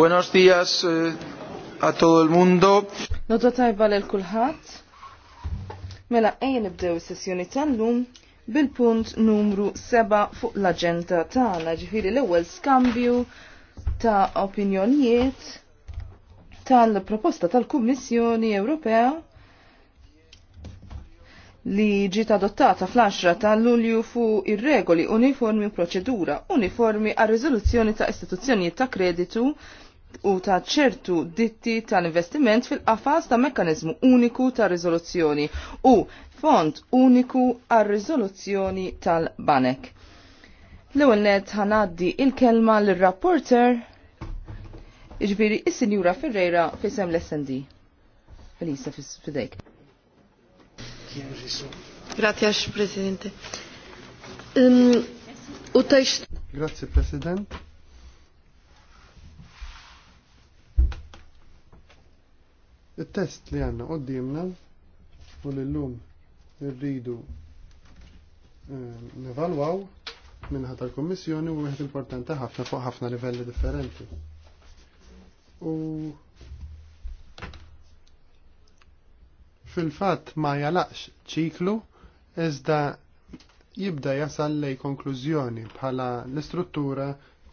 Buenos días eh, a todo el mundo. Nota tajba l kulħadd. Mela ejja nibdew is-sessjoni tal-lum bil-punt numru 7 fuq l-aġenda tagħna, ġifieri l-ewwel skambju ta' opinjonijiet tal-proposta tal-Kummissjoni Ewropea li ġiet adottata fl-10 ta' Lulju fuq ir-regoli uniformi u proċedura uniformi għar riżoluzzjoni ta' istituzzjonijiet ta' kreditu u ta' ċertu ditti tal-investiment fil-qafas ta' mekkanizmu uniku ta' rizoluzzjoni u fond uniku għal rizoluzzjoni tal-banek. L-ewwel net ħanaddi il-kelma l-rapporter iġbiri is-sinjura Ferreira fisem l-SND. Elisa fidejk. Grazie, Presidente. Um, Grazie, Presidente Il-test li għanna qoddimna u l-lum rridu eh, nevalwaw minnħa tal-Kommissjoni u wieħed importanti ħafna fuq ħafna livelli differenti. U fil-fatt ma jalaqx ċiklu iżda jibda jasal lej konklużjoni bħala l-istruttura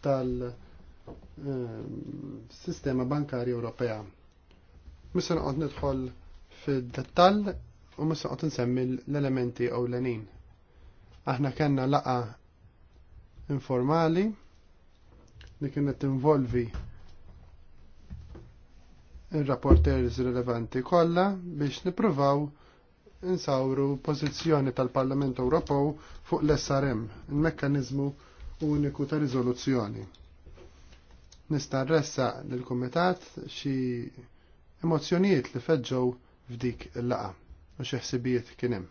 tal-sistema eh, bankarja Ewropea. Missa nqod nidħol fid-dettall u missa nqod nsemmi l-elementi u l-enin. Aħna kellna laqa informali li kienet involvi il-rapporters rilevanti kollha biex nippruvaw insawru pożizzjoni tal-Parlament Ewropew fuq l-SRM, il-mekkaniżmu uniku ta' riżoluzzjoni. Nista' nressaq lill-Kumitat xi emozzjonijiet li feġġew f'dik il-laqa u xi ħsibijiet kien hemm.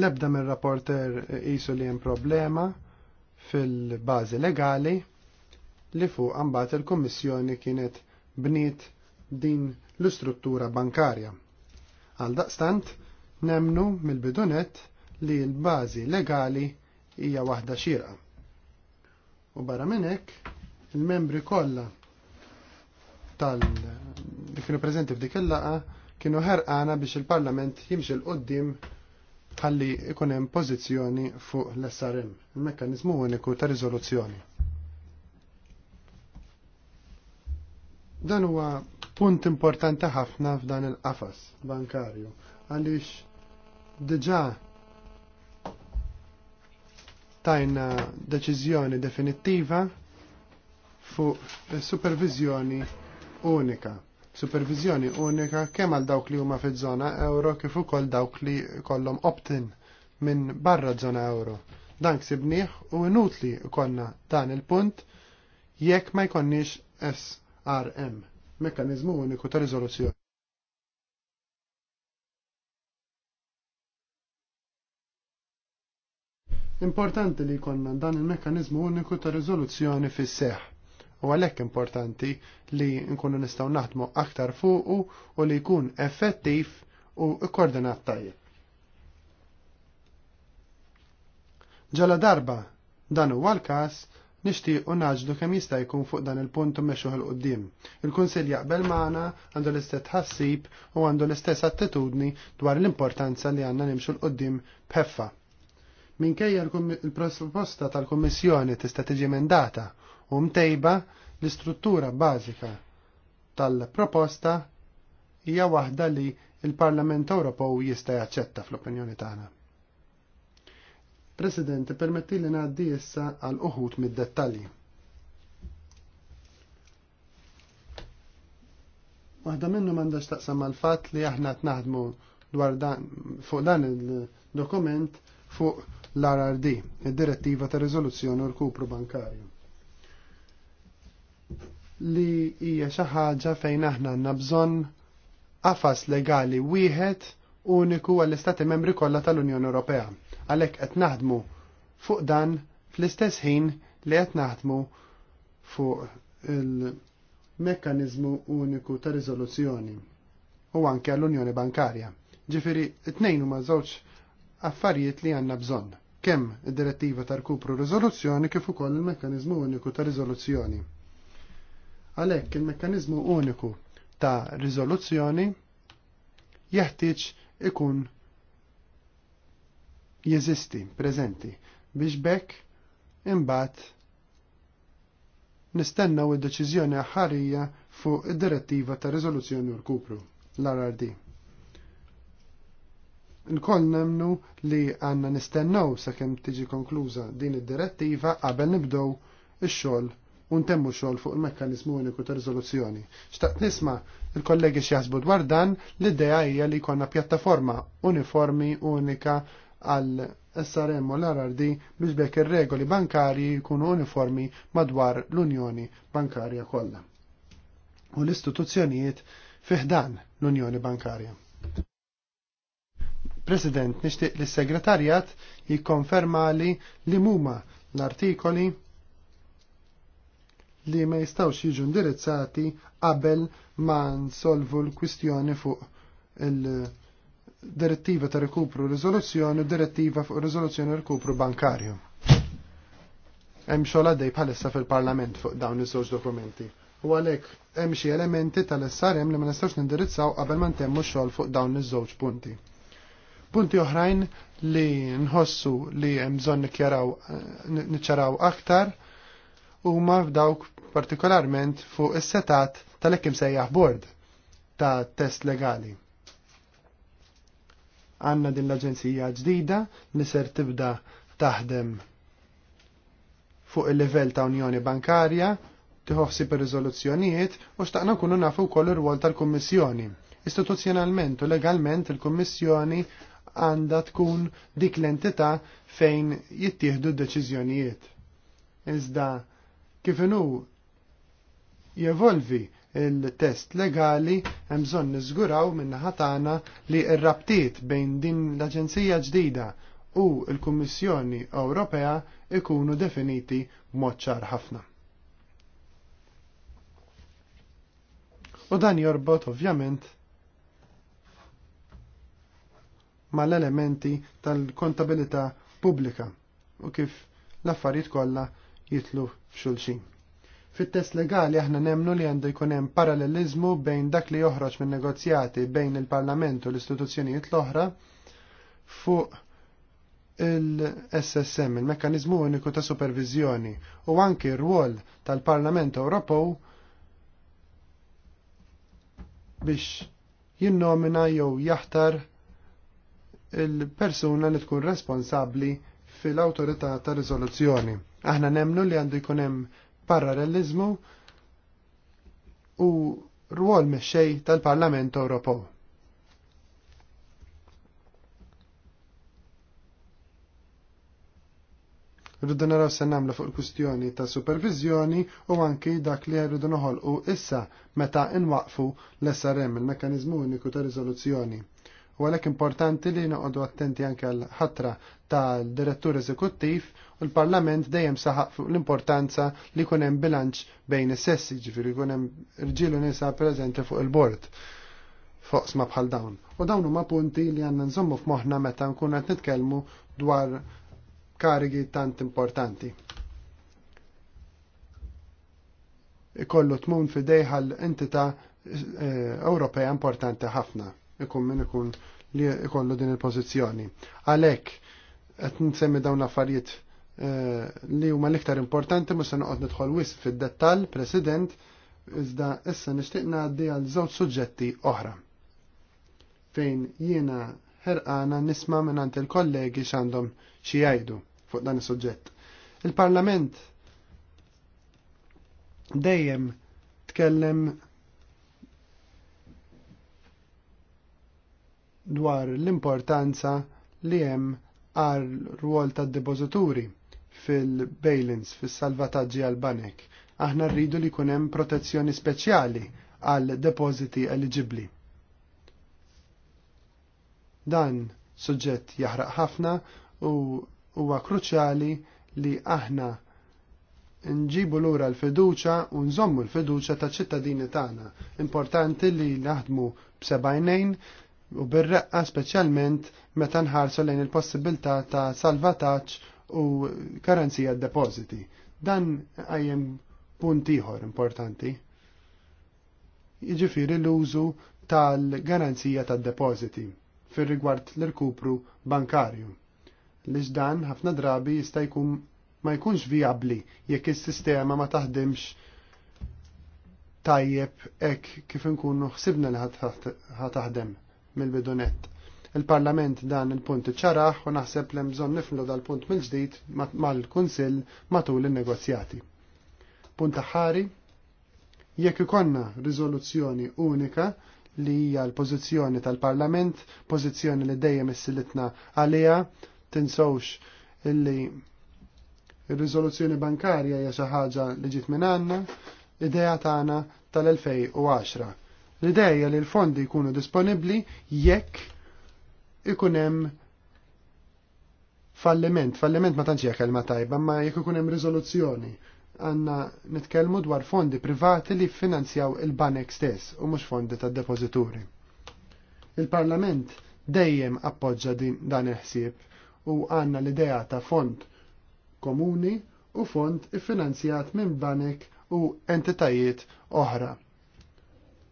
L-ebda mir-rapporter qisu li hemm problema fil-bażi legali li fuq għambat il-Kummissjoni kienet bniet din l-istruttura bankarja. Għal daqstant, nemnu mill-bidunet li l-bażi legali hija waħda xierqa. U barra minn hekk, il-membri kollha tal li kienu prezenti f'dik il-laqa kienu ħerqana biex il-Parlament jimxil qoddim ħalli ikun hemm pożizzjoni fuq l-SRM, il-mekkaniżmu uniku ta' riżoluzzjoni. Dan huwa punt importanti ħafna f'dan il-qafas bankarju għaliex diġà tajna deċiżjoni definittiva fuq supervizjoni unika, supervizjoni unika kemm għal dawk li huma fiż-żona euro kif ukoll dawk li kollhom opt-in minn barra żona euro. Dan ksibnieh u inutli konna dan il-punt jekk ma jkonniex SRM, mekkaniżmu uniku ta' riżoluzzjoni. Importanti li jkollna dan il mekkaniżmu uniku ta' riżoluzzjoni fis-seħħ u għalhekk importanti li nkunu nistgħu naħdmu aktar fuqu u li jkun effettiv u koordinat tajjeb. Ġala darba dan huwa l-każ nixtiequ u naġdu kemm jista' jkun fuq dan il-punt u mexuħ il qudiem Il-Kunsill jaqbel magħna għandu l-istess ħassib u għandu l-istess attitudni dwar l-importanza li għandna nimxu l-qudiem b'ħeffa minkejja l-proposta tal kummissjoni tista' tiġi mendata u mtejba l-istruttura bażika tal-proposta hija waħda li il-Parlament Ewropew jista' jaċċetta fl-opinjoni tagħna. President, permetti li ngħaddi issa għal uħut mid-dettalji. Waħda minnu m'għandax taqsam mal fatt li aħna tnaħdmu dwar dan fuq dan il-dokument fuq l-RRD, id-Direttiva ta' Riżoluzzjoni u l-Kupru Bankarju li hija xi ħaġa fejn aħna għandna bżonn qafas legali wieħed uniku għall-Istati membri kollha tal-Unjoni Ewropea. Għalhekk qed naħdmu fuq dan fl-istess ħin li qed naħdmu fuq il-mekkaniżmu uniku ta' riżoluzzjoni u anke għall-Unjoni Bankarja. Ġifieri t-tnejn huma żewġ affarijiet li għandna bżonn kemm id-direttiva tar kupru riżoluzzjoni kif ukoll il-mekkaniżmu uniku ta' riżoluzzjoni Għalhekk il-mekkaniżmu uniku ta' riżoluzzjoni jeħtieġ ikun jeżisti, preżenti, biex bekk imbagħad nistennaw id-deċiżjoni aħħarija fuq id-direttiva ta' riżoluzzjoni u rkupru l-RRD. Nkoll nemnu li għanna nistennaw sakemm tiġi konkluża din id-direttiva qabel nibdow ix-xogħol untemmu xol xogħol fuq il-mekkanizmu uniku ta' riżoluzzjoni. Xtaqt nisma' il-kollegi x'jaħsbu dwar dan l-idea hija li jkollna pjattaforma uniformi unika għal SRM u l-RRD biex bekk ir-regoli bankari jkunu uniformi madwar l-Unjoni Bankarja kollha. U l-istituzzjonijiet fiħdan l-Unjoni Bankarja. President, nixtieq li s-segretarjat jikkonferma li li muma l-artikoli li ma jistawx jiġu indirizzati qabel ma nsolvu l-kwistjoni fuq il-direttiva ta' rikupru rizoluzzjoni u direttiva fuq rizoluzzjoni rikupru bankarju. Hemm xogħol għaddej bħalissa fil-Parlament fuq dawn iż-żewġ dokumenti. U għalhekk hemm xi elementi tal-SRM li ma nistgħux nindirizzaw qabel ma ntemmu xogħol fuq dawn iż-żewġ punti punti oħrajn li nħossu li hemm bżonn niċċaraw aktar huma f'dawk partikolarment fuq is-setat tal-ekim sejjaħ bord ta' test legali. Għanna din l-Aġenzija ġdida li ser tibda taħdem fuq il-level ta' Unjoni Bankarja, tiħofsi per riżoluzzjonijiet u xtaqna kunu nafu wkoll ir-rwol tal-Kummissjoni. Istituzzjonalment u legalment il-Kummissjoni għanda tkun dik l-entità fejn jittieħdu d deċiżjonijiet. Iżda Kif inu jevolvi il-test legali hemm bżonn niżguraw ħatana li r-rabtiet bejn din l-Aġenzija ġdida u l-Kummissjoni Ewropea ikunu definiti moċċar ċar ħafna. U dan jorbot ovvjament mal-elementi tal-kontabilità pubblika u kif l-affarijiet kollha jitlu f'xulxin. Fit-test legali aħna nemnu li għandu jkun hemm parallelizmu bejn dak li joħroġ minn negozjati bejn il-Parlament u l-istituzzjonijiet l-oħra fuq il-SSM, il-Mekkanizmu Uniku ta' Supervizjoni, u anki r-rwol tal-Parlament Ewropew biex jinnomina jew jaħtar il-persuna li tkun responsabli fil-autorità ta' riżoluzzjoni. Aħna nemnu li għandu jkun hemm parallelizmu u rwol mexxej tal-Parlament Ewropew. Rridu naraw se nagħmlu fuq il-kwistjoni ta' supervizjoni u anki dak li rridu noħolqu issa meta inwaqfu l-SRM il-Mekkaniżmu Uniku ta' Riżoluzzjoni. U għalhekk importanti li noqogħdu attenti anke l ħatra tal-direttur eżekuttiv u l-Parlament dejjem saħaq fuq l-importanza li jkun hemm bilanċ bejn is-sessi, ġifieri jkun hemm irġiel nisa preżenti fuq il-bord fuq sma bħal dawn. U dawn huma punti li għandna nżommu f'moħħna meta nkun qed nitkellmu dwar karigi tant importanti. Ikollu tmun fidejħal entità eh, Ewropea importanti ħafna ikun min ikun li ikollu din il-pożizzjoni. Għalhekk qed nsemmi dawn l-affarijiet eh, li huma l-iktar importanti mhux se noqgħod nidħol wisq fid-dettall, President, iżda issa nixtieq ngħaddi għal żewġ suġġetti oħra. Fejn jiena ħerqana nisma' mingħand il-kollegi x'għandhom xi jgħidu fuq dan is-suġġett. Il-Parlament dejjem tkellem dwar l-importanza li hemm għal rwol tad depozituri fil-bailins, fil-salvataġġi għal banek. Aħna rridu li kunem protezzjoni speċjali għal depositi eligibli. Dan suġġett jaħraq ħafna u huwa kruċjali li aħna nġibu lura l-fiduċa u nżommu l-fiduċa ta' ċittadini tagħna. Importanti li naħdmu b'sebajnejn u bir-reqqa speċjalment meta nħarsu lejn il-possibilità ta' salvataġġ u karanzija depositi. Dan għajjem punt ieħor importanti. Jiġifieri l-użu tal-garanzija tad-depositi fir-rigward l-irkupru bankarju. Lix dan ħafna drabi jista' jkun ma jkunx viabli jekk is-sistema ma taħdimx tajjeb ek kif nkunu ħsibna li ħataħdem mill-bidunet. Il-Parlament dan il-punt ċaraħ u naħseb li bżonn niflu dal-punt mill-ġdid mal-Kunsill matul in-negozjati. Punt ħari, jekk ikonna riżoluzzjoni unika li hija l-pożizzjoni tal-Parlament, pożizzjoni li dejjem issilitna għaliha, tinsawx illi ir-riżoluzzjoni bankarja hija xi ħaġa li ġiet minn għandna, idea tagħna tal-2010 L-ideja li l-fondi jkunu disponibli jekk ikun hemm falliment. Falliment ma tantx hija kelma tajba, ma jekk ikun hemm għanna nitkellmu dwar fondi privati li finanzjaw il-banek stess u mhux fondi tad depozituri Il-Parlament dejjem appoġġa dan il-ħsieb u għanna l-idea ta' fond komuni u fond iffinanzjat minn banek u entitajiet oħra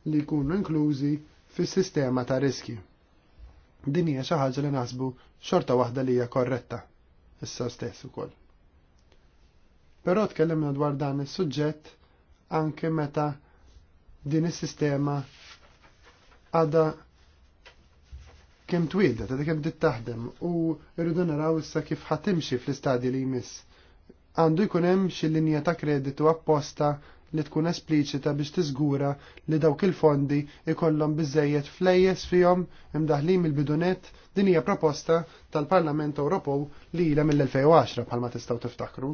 li jkunu inklużi fis-sistema ta' riski. Din hija xi ħaġa li naħsbu xorta waħda li hija korretta issa stess ukoll. Però tkellimna dwar dan is-suġġett anke meta din is-sistema għadha kemm twieldet għadha kemm dit taħdem u rridu naraw issa kif ħatimxi fl-istadji li jmiss. Għandu jkun hemm xi linja ta' kreditu apposta li tkun espliċita biex tiżgura li dawk il-fondi ikollhom biżejjed flejjes fihom imdaħlim il-bidunet din hija proposta tal-Parlament Ewropew li ilha mill-2010 bħalma tistgħu tiftakru.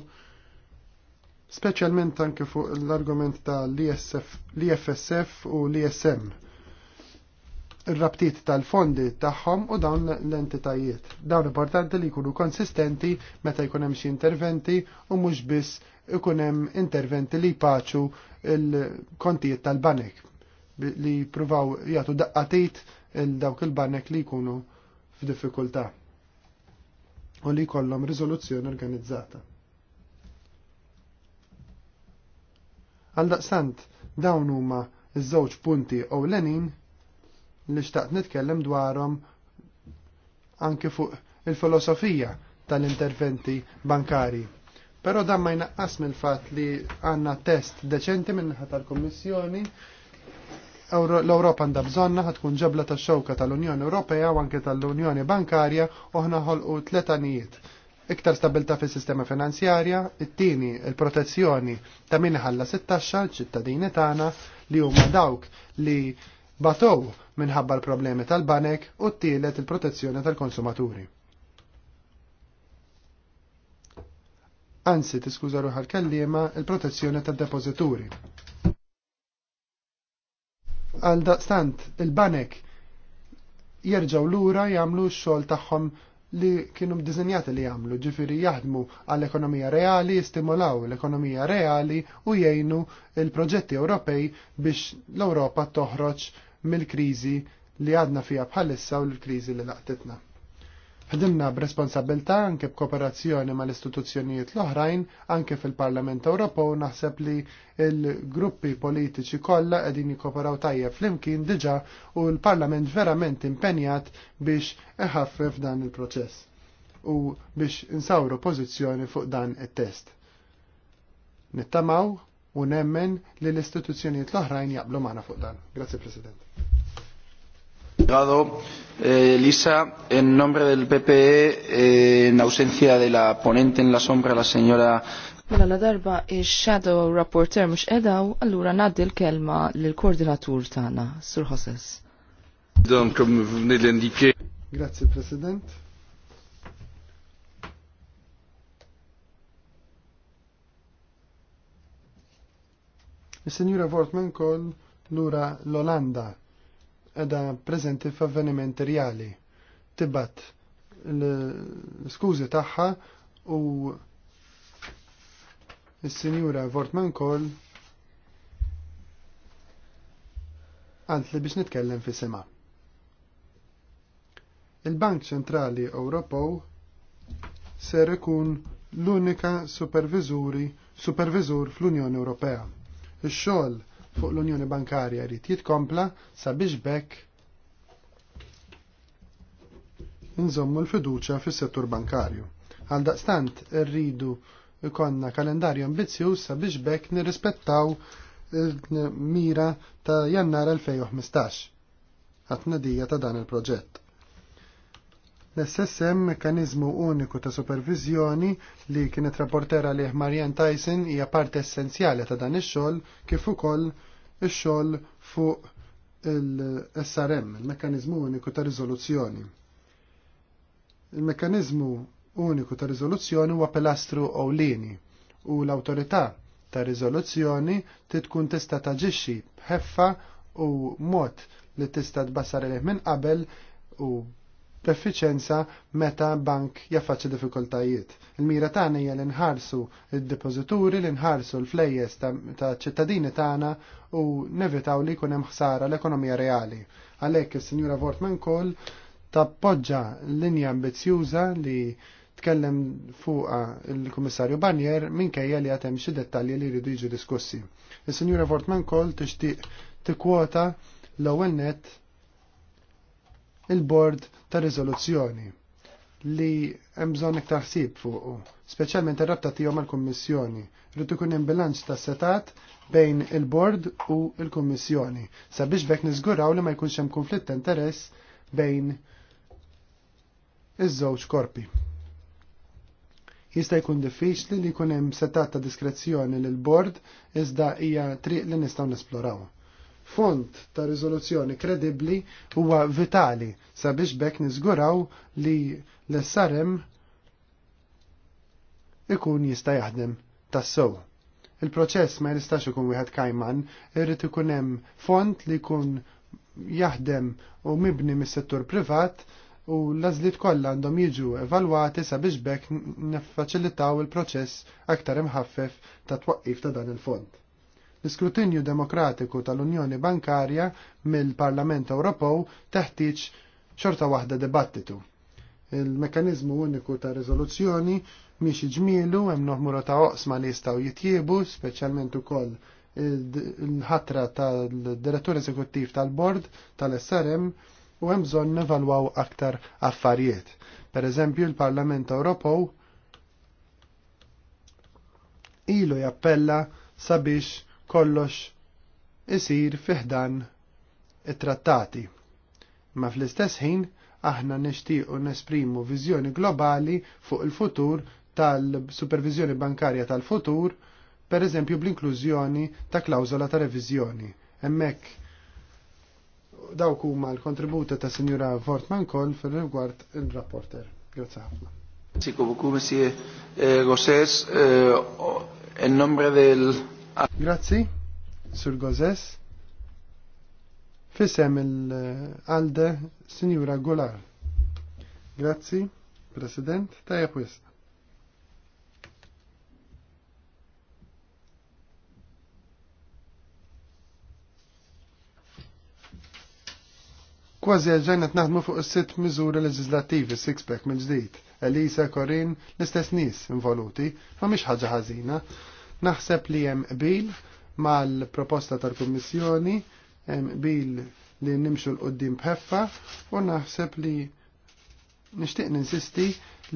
Speċjalment anke fuq l-argument tal-IFSF u l-ISM ir-rabtiet tal-fondi tagħhom u dawn l-entitajiet. Dawn importanti li jkunu konsistenti meta jkun hemm xi interventi u mhux biss ikun hemm interventi li paċu il-kontijiet tal-banek li pruvaw jagħtu daqqatit il-dawk il-banek li jkunu f'diffikultà u li jkollhom rizoluzzjoni organizzata. Għaldaqsant, dawn huma iż-żewġ punti ewlenin li xtaqt nitkellem dwarhom anke fuq il-filosofija tal-interventi bankari Pero dan ma jnaqqas mill fatt li għanna test deċenti minn tal-Kommissjoni l-Europa għandha bżonna tkun ġebla ta' xewka tal-Unjoni Ewropea u anke tal-Unjoni Bankarja u ħna ħolqu tletanijiet. Iktar stabilta fis sistema finanzjarja, it-tieni il-protezzjoni ta' min ħalla sittaxxa ċittadini tagħna li huma dawk li batow minħabba l-problemi tal-banek u t-tielet il-protezzjoni tal-konsumaturi. anzi tiskuża ruħal kellima il-protezzjoni tad-depozituri. Għal daqstant, il-banek jirġaw lura jagħmlu x-xogħol tagħhom li kienu mdizinjati li jagħmlu, ġifieri jaħdmu għall-ekonomija reali, stimolaw l-ekonomija reali u jgħinu il-proġetti Ewropej biex l-Ewropa toħroġ mill-kriżi li għadna fija bħalissa u l-kriżi li laqtitna. Ħdimna b'responsabilità anke b'kooperazzjoni mal-istituzzjonijiet l-oħrajn anke fil-Parlament Ewropew naħseb li l-gruppi politiċi kollha qegħdin jikkoperaw tajjeb flimkien diġà u l-Parlament verament impenjat biex iħaffef dan il-proċess u biex insawru pożizzjoni fuq dan it-test. Nittamaw u nemmen li l-istituzzjonijiet l-oħrajn jaqblu magħna fuq dan. Grazzi President. Obrigado. Eh, Lisa, en nombre del PPE, eh, en ausencia de la ponente en la sombra, la señora. Mela la darba il-shadow rapporter mux edaw, allura naddi l-kelma l-koordinatur tana, Sur Hosses. Dan, kom vni l-indike. Grazie, President. Il-Signora Vortman kol lura l-Olanda edha prezenti f'avvenimenti reali. Tibat l-skużi tagħha u s-sinjura Vortman Kol għant li biex nitkellem fi sema. Il-Bank Ċentrali Ewropew ser ikun l-unika supervizuri supervizur fl-Unjoni Ewropea. Ix-xogħol fuq l-Unjoni Bankarja jrid jitkompla sabiex bekk nżommu l-fiduċa fis-settur bankarju. Għal daqstant irridu ikonna kalendarju ambizzjuż sabiex bekk nirrispettaw il-mira ta' jannar 2015 dija ta' dan il-proġett. L-SSM Mekanizmu Uniku ta' Supervizjoni li kienet rapportera liħ Marian Tyson hija parte essenzjali ta' dan ix-xogħol kif ukoll ix-xogħol fuq il-SRM, il-Mekanizmu Uniku ta' Riżoluzzjoni. Il-Mekanizmu Uniku ta' Riżoluzzjoni huwa pilastru ewlieni u l-awtorità ta' riżoluzzjoni titkun tista' taġixxi b'ħeffa u mod li tista' tbassar ilih minn qabel u b'effiċenza meta bank jaffaċċi diffikultajiet. Il-mira tagħna hija li nħarsu id-depożituri, li nħarsu l-flejjes ta' ċittadini tagħna u nevitaw li jkun hemm ħsara l-ekonomija reali. Għalhekk is-Sinjura Vortman Koll tappoġġa linja ambizjuża li tkellem fuqa il-Kummissarju Barnier minkejja li għatem xi dettalji li jridu jiġu diskussi. Is-Sinjura Vortman Koll tixtieq tikkwota l-ewwel net il-bord ta' Rizoluzzjoni li hemm bżonn iktar ħsieb fuq, speċjalment ir-rabta tiegħu mal-Kummissjoni. Rrid ikun hemm bilanċ ta' setat bejn il-bord u l-Kummissjoni sabiex bekk niżguraw li ma jkunx hemm konflitt ta' interess bejn iż-żewġ korpi. Jista' jkun diffiċli li jkun hemm setat ta' diskrezzjoni lil bord iżda hija triq li nistgħu nesploraw font ta' rizoluzzjoni kredibbli huwa vitali sabiex bekk niżguraw li l-SRM ikun jista' jaħdem tas Il-proċess ma jistax ikun wieħed kajman, irrid ikun hemm font li jkun jaħdem u mibni mis-settur privat u l-azlit kollha għandhom jiġu evalwati sabiex bekk niffaċilitaw il-proċess aktar imħaffef ta' twaqqif ta' dan il-fond. L-iskrutinju demokratiku tal-Unjoni Bankarja mill-Parlament Ewropew teħtieġ xorta waħda dibattitu. Il-mekanizmu uniku ta' riżoluzzjoni miex ġmielu hemm noħmura ta' oqsma li jistgħu jitjiebu, speċjalment ukoll il-ħatra tal-direttur eżekuttiv tal-bord tal-SRM u hemm bżonn nevalwaw aktar affarijiet. Per eżempju, il-Parlament Ewropew ilu jappella sabiex kollox isir fiħdan it-trattati. Ma fl-istess ħin aħna nixtiequ nesprimu viżjoni globali fuq il-futur tal-supervizjoni bankarja tal-futur, per eżempju bl-inklużjoni ta' klawzola ta' reviżjoni. Hemmhekk dawk huma l-kontributi ta' Sinjura Fortman Koll fil-rigward il-rapporter. Grazie ħafna. Siku buku, Messie Gosses, in eh, nombre del Grazzi, Sur Gozes. Fissem il alde Signora Gular. Grazzi, President, tajja wisq. Kważi ġajna t-naħdmu fuq is-sitt miżuri leġislattivi six-pack mill-ġdid. Elisa, Korin, l-istess nies involuti, ma miex ħaġa ħażina. Naħseb li hemm bil mal-proposta tal-Kummissjoni, hemm bil li nimxu l-qoddim bħeffa u naħseb li nixtieq ninsisti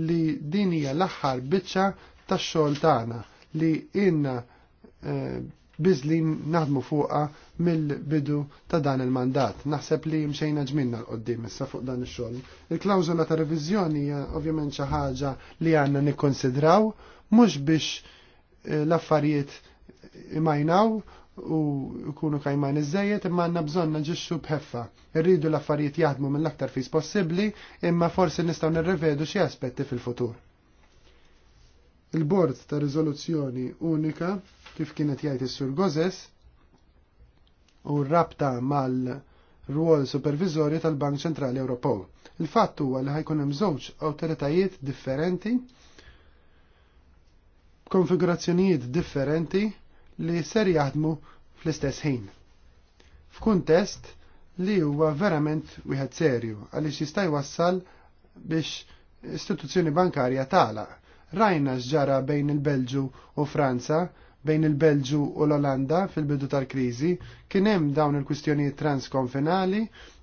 li din hija l-aħħar biċċa tax-xogħol tagħna li inna eh, bizli naħdmu fuqa mill-bidu ta' dan il-mandat. Naħseb li mxejna ġminna l-qoddim issa fuq dan ix-xogħol. Il-klawżola ta' reviżjoni hija ovvjament xi ħaġa li għandna nikkonsidraw mhux biex l-affarijiet imajnaw u jkunu kajman iżejjed imma għandna bżonn naġixxu bħeffa. Irridu l-affarijiet jaħdmu mill-aktar fis possibbli imma forsi nistgħu nirrevedu xi aspetti fil-futur. Il-bord ta' riżoluzzjoni unika kif kienet jgħid is-Sur Gozes u rabta mal-rwol supervizorju tal-Bank Ċentrali Ewropew. Il-fatt huwa li ħajkun hemm żewġ awtoritajiet differenti konfigurazzjonijiet differenti li ser jaħdmu fl-istess ħin. F'kuntest li huwa verament wieħed serju għaliex jista' jwassal biex istituzzjoni bankarja tagħlaq. Rajna x'ġara bejn il-Belġu u Franza, bejn il-Belġu u l-Olanda fil-bidu tal-kriżi, kien hemm dawn il-kwistjonijiet transkonfinali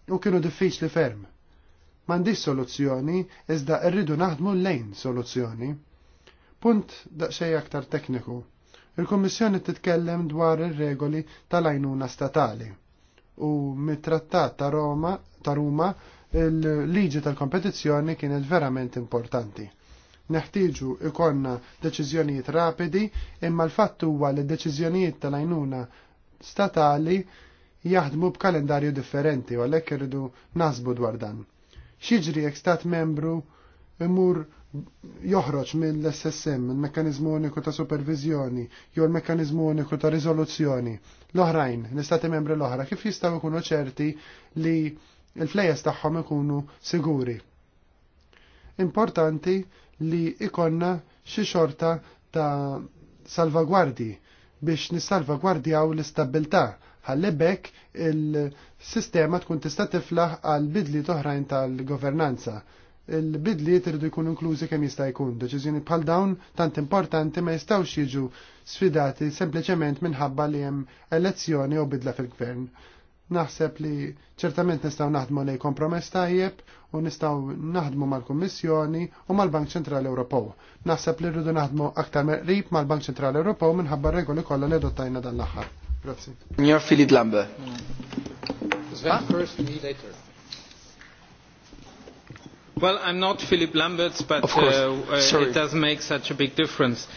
u kienu diffiċli ferm. M'għandix soluzzjoni iżda rridu naħdmu lejn soluzzjoni. Punt daqsej aktar tekniku. Il-Kommissjoni titkellem dwar ir-regoli tal-għajnuna statali. U mit-trattat ta' Roma ta' Ruma il-liġi tal-kompetizzjoni kienet verament importanti. Neħtieġu ikonna deċiżjonijiet rapidi imma l-fatt huwa li deċiżjonijiet tal-għajnuna statali jaħdmu b'kalendarju differenti u għalhekk irridu nasbu dwar dan. Xiġri jekk stat membru imur joħroġ mill-SSM, il-mekkanizmu uniku ta' supervizjoni, jew il-mekkanizmu uniku ta' rizoluzzjoni, l-oħrajn, l-istati membri l-oħra, kif jistaw ikunu ċerti li il-flejes tagħhom ikunu siguri. Importanti li ikonna xi xorta ta' salvagwardi biex nissalvagwardjaw l istabilità ħallibek il-sistema tkun tista' tiflaħ għal bidli toħrajn tal-governanza il bidli jtiridu jkun inklużi kemm jista' jkun. Deċiżjoni bħal dawn tant importanti ma jistgħux jiġu sfidati sempliċement minħabba li hemm elezzjoni u bidla fil-gvern. Naħseb li ċertament nistgħu naħdmu lej kompromess tajjeb u nistgħu naħdmu mal-Kummissjoni u mal-Bank Ċentrali Ewropew. Naħseb li rridu naħdmu aktar meqrib mal-Bank Ċentrali Ewropew minħabba regoli kollha li adottajna dan l-aħħar. Grazzi. Signor Philip Lambert. Sven, first, me later. Well, I'm not Philip Lamberts, but uh, uh it does make such a big difference.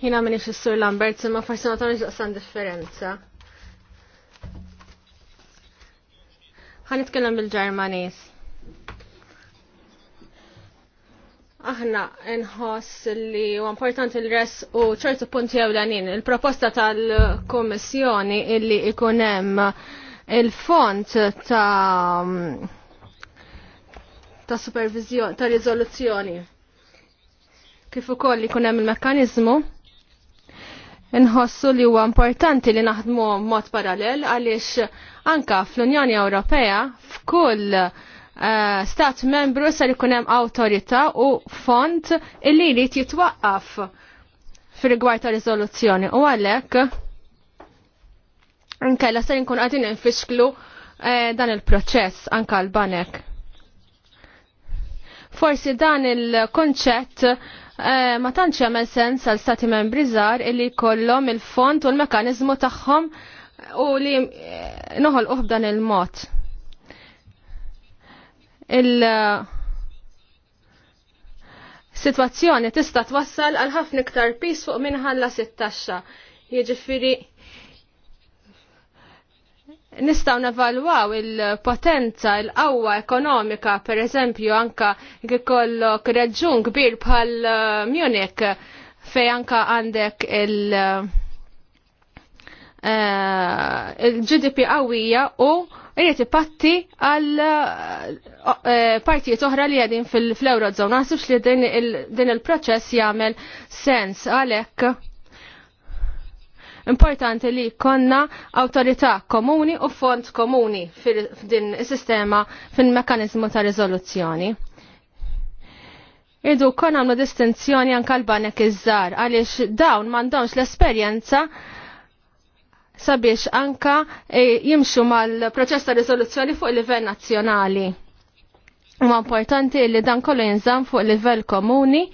Jina minni xissur Lamberts, ma farsi ma tamġ daqsan differenza. Għanitkellem bil-ġermanis. Aħna nħoss li u importanti l-res u ċertu punti għawlanin. Il-proposta tal-Komissjoni illi ikunem il-font ta' ta' supervizjoni, ta' rizoluzzjoni. Kif ukoll li kunem il-mekkanizmu, nħossu li huwa importanti li naħdmu mod parallel għaliex anka fl-Unjoni Ewropea f'kull uh, stat membru ser ikun hemm awtorità u font illi jrid jitwaqqaf fir-rigward ta' riżoluzzjoni u għalhekk nkella ser nkun qegħdin infixklu uh, dan il-proċess anka l-banek. Forsi dan il-konċett eh, ma tantx jagħmel sens għal stati membri żgħar illi jkollhom il-fond u l-mekkaniżmu tagħhom u li eh, noħolqu b'dan il-mod. il eh, sitwazzjoni tista' twassal għal ħafna iktar pis fuq minħalla 16. Jiġifieri nistaw navalwaw il-potenza, il-qawwa ekonomika, per eżempju, anka kollok reġun kbir bħal eh, Munich, fej anka għandek il- eh, il-GDP qawwija u irrid ipatti għal eh, partijiet oħra li għedin fil-Eurozone. Għasux li din il-proċess jagħmel sens għalhekk Importanti li konna autorità komuni u fond komuni f'din sistema fil-mekanizmu ta' rizoluzzjoni. Idu kon għamlu distinzjoni għan l-banek iż-żar għaliex dawn m'għandhomx l-esperjenza sabiex anka e, jimxu mal-proċess ta' riżoluzzjoni fuq livell nazzjonali. Ma' importanti li dan kollu jinżamm fuq livell komuni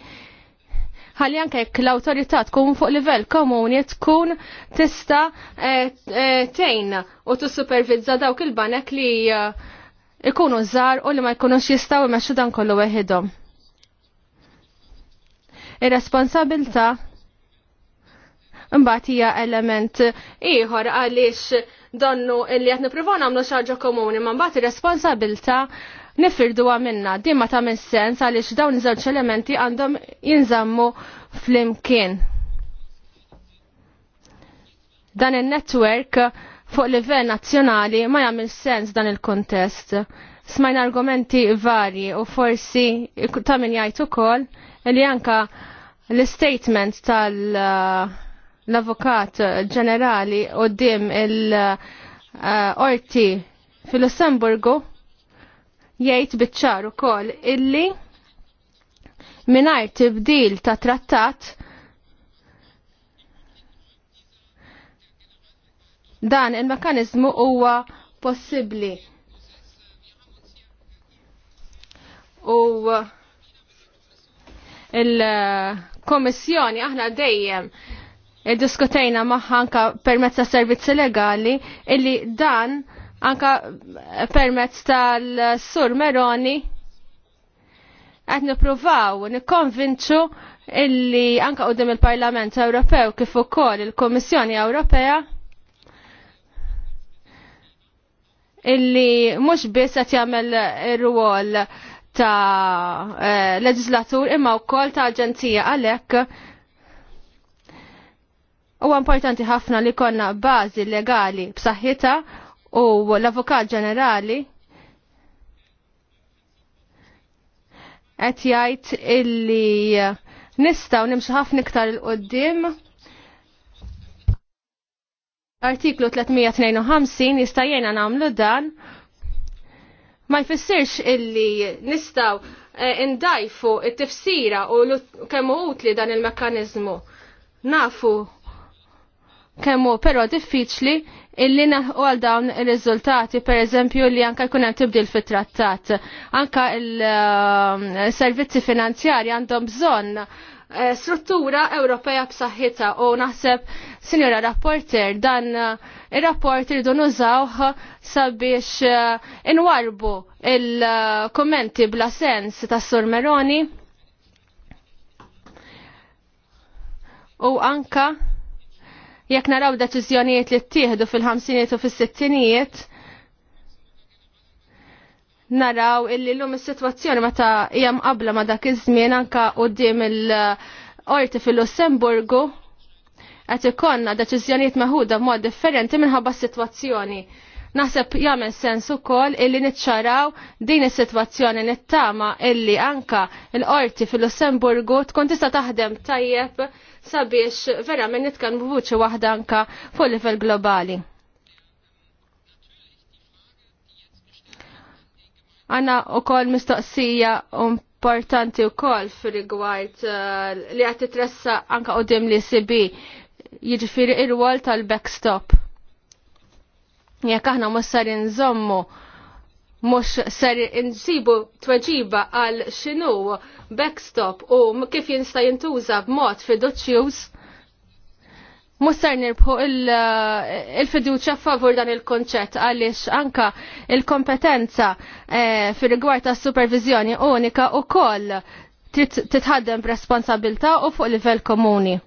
ħalli anke jekk l-awtorità tkun fuq livell komuni tkun tista' eh, eh, tgħin u tissupervizza dawk il-banek li eh, ikunu żgħar u li ma jkunux jistgħu jmexxu dan kollu weħidhom. Ir-responsabilità imbagħad hija element ieħor għaliex donnu li qed nippruvaw nagħmlu xi ħaġa komuni ma mbagħad ir-responsabilità nifirdu għamilna. Din ma ta' minn sens għaliex dawn iż-żewġ elementi għandhom jinżammu fl-imkien. Dan il-network fuq livell nazzjonali ma jagħmel sens dan il-kontest. Smajna argumenti varji u forsi ta' min jgħid ukoll li anka l-statement tal-avukat ġenerali u il-orti fil-Lussemburgu jgħid u ukoll illi mingħajr tibdil ta' trattat dan il-mekanizmu huwa possibbli. U il-Komissjoni aħna dejjem diskutejna maħħanka anka permezz ta' servizzi legali illi dan anka permezz tal-sur Meroni għed nipruvaw nikkonvinċu illi anka qudiem il-Parlament Ewropew kif ukoll il-Kummissjoni Ewropea illi mhux biss qed jagħmel ir-rwol ta' eh, leġislatur imma wkoll ta' aġenzija għalhekk huwa importanti ħafna li konna bażi legali b'saħħitha u l-Avukat Ġenerali qed jgħid illi nistgħu nimxu ħafna iktar il qoddim Artiklu 352 jista' jgħinna nagħmlu dan ma jfissirx illi nistgħu eh, indajfu it-tifsira u kemm utli dan il mekkaniżmu Nafu kemmu però diffiċli illi naħu għal dawn ir-riżultati, per eżempju li anka jkun hemm tibdil fit-trattat. Anka il-servizzi finanzjari għandhom bżonn eh, struttura Ewropea b'saħħitha u naħseb Sinjora Rapporter dan eh, ir-rapport irdu nużawh sabiex eh, inwarbu il-kommenti bla sens ta' Sur Meroni u anka Jekk naraw deċiżjonijiet li ttieħdu fil-ħamsinijiet u fis-sittinijiet, naraw illi l-lum is-sitwazzjoni meta hija mqabbla ma dak iż-żmien anka quddiem il-qorti fil-Lussemburgu qed ikollna deċiżjonijiet meħuda b'mod differenti minħabba s-sitwazzjoni. Naħseb jagħmel sens ukoll illi niċċaraw din is-sitwazzjoni nittama illi anka l-qorti fil-Lussemburgu tkun tista' taħdem tajjeb sabiex vera verament nitkellmu b'vuċi waħda anka fuq livell globali. Għanna u kol mistoqsija importanti u kol fil-rigward eh, li għat titressa anka u dim li sibi jiġifiri ir-wol tal-backstop Jekk aħna mhux ser inżommu mux ser insibu tweġiba għal xinu backstop u kif jinsta jintuża b'mod fiduċjuż, mux ser nirbħu il-fiduċa il favur dan il-konċett għaliex anka il-kompetenza e, eh, fir rigward ta' supervizjoni unika u koll titħaddem b'responsabilta u fuq livell komuni.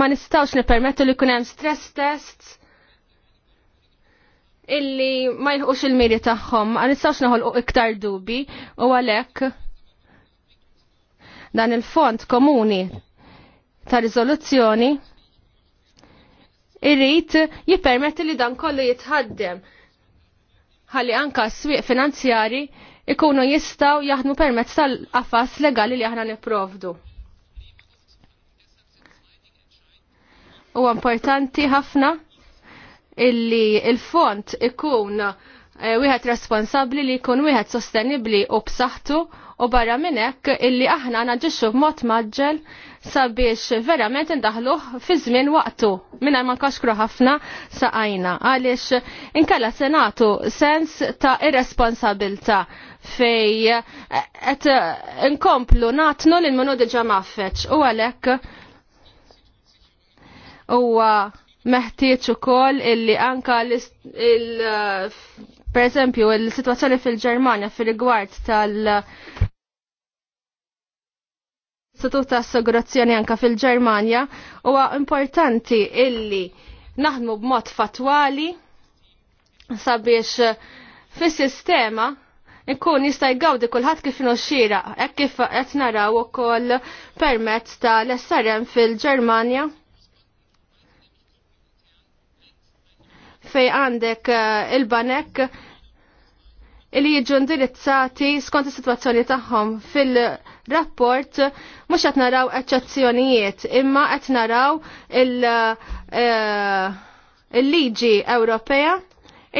ma nistawx nipermettu li kunem stress tests illi ma jilħux il-miri tagħhom, ma nistawx naħolqu iktar dubi u għalhekk dan il-fond komuni ta' riżoluzzjoni irrit jippermetti li dan kollu jitħaddem ħalli anka s-swieq finanzjari ikunu jistaw jaħdmu permezz tal-qafas legali li aħna niprovdu. u importanti ħafna illi il-font ikun eh, wieħed responsabli li jkun wieħed sostenibli u b'saħħtu u barra minn hekk illi aħna naġixxu b'mod maġġel sabiex verament indaħluh fi żmien waqtu mingħajr ma nkaxkru ħafna saqajna għaliex inkella se nagħtu sens ta' irresponsabilta fej eh, qed inkomplu natnu lil minu diġà maffeċ u għalhekk huwa meħtieġ ukoll illi anka il eh, per eżempju il-sitwazzjoni fil-Ġermanja fil-rigward tal- Istitut ta' assigurazzjoni anka fil-Ġermanja huwa importanti illi naħdmu b'mod fatwali sabiex eh, fis-sistema ikun jista' jgawdi kulħadd kif inhu xira hekk kif qed naraw ukoll permezz tal-SRM fil-Ġermanja fej għandek eh, il-banek li jiġu indirizzati skont is-sitwazzjoni tagħhom fil-rapport mhux qed naraw eċċezzjonijiet imma qed naraw eh, il-liġi Ewropea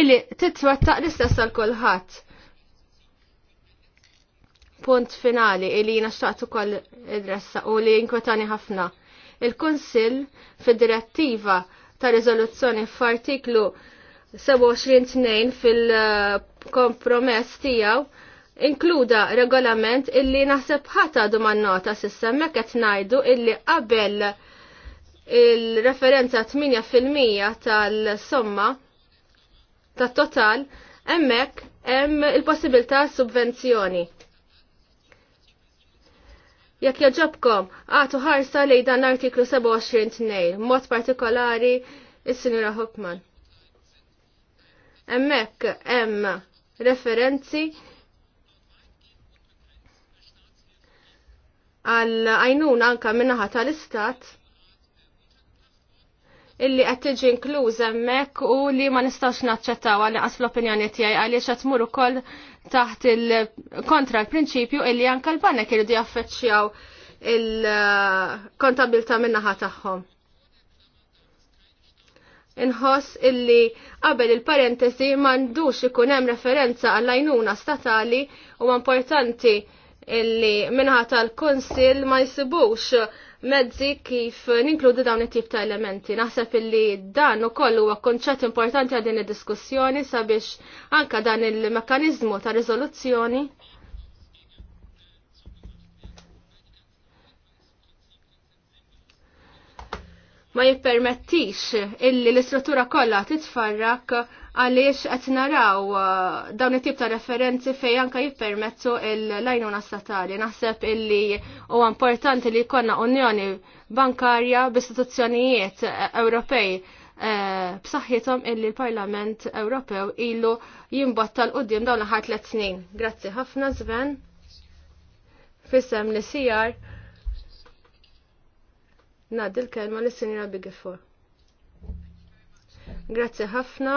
illi titwettaq l-istess għal kulħadd. Punt finali illi jiena xtaqt ukoll idressa u li jinkwetani ħafna. Il-Kunsill fid-direttiva ta' rezoluzzjoni f'artiklu 27 fil-kompromess tijaw inkluda regolament illi naħseb ħata duman nota sissa mekket najdu illi qabel il-referenza 8% tal-somma tat-total emmek hemm il-possibilità subvenzjoni. Jekk joġobkom, għatu ħarsa li dan l-artiklu 27 t-nejl, mod partikolari il-Sinjura Hockman. Emmek, emm, referenzi għal għajnuna anka minnaħa tal-istat illi qed tiġi inkluż hemmhekk u li ma nistax naċċettaw għal naqas fl-opinjoni tiegħi għaliex qed tmur ukoll taħt il-kontra l-prinċipju illi anke l-banek iridu jaffeċċjaw il-kontabilta min-naħa tagħhom. Inħoss illi qabel il-parentesi m'għandux ikun hemm referenza għall-għajnuna statali u importanti illi minħa tal kunsill ma jsibux mezzi kif ninkludu dawn it-tip ta' elementi. Naħseb illi dan ukoll huwa konċett importanti għal din id-diskussjoni sabiex anka dan il-mekkaniżmu ta' riżoluzzjoni ma jippermettix illi l-istruttura kollha titfarrak għaliex qed naraw uh, dawn it-tip ta' referenzi fejn anke jippermettu l għajnuna statali. Naħseb illi huwa importanti li jkollna unjoni bankarja b'istituzzjonijiet uh, Ewropej uh, b'saħħithom illi l-Parlament Ewropew ilu jimbotta l-qudiem dawn l-ħar tliet snin. Grazzi ħafna Sven. Fissem li sijar Nad il-kelma li sinjora Bigifor. Grazzi ħafna.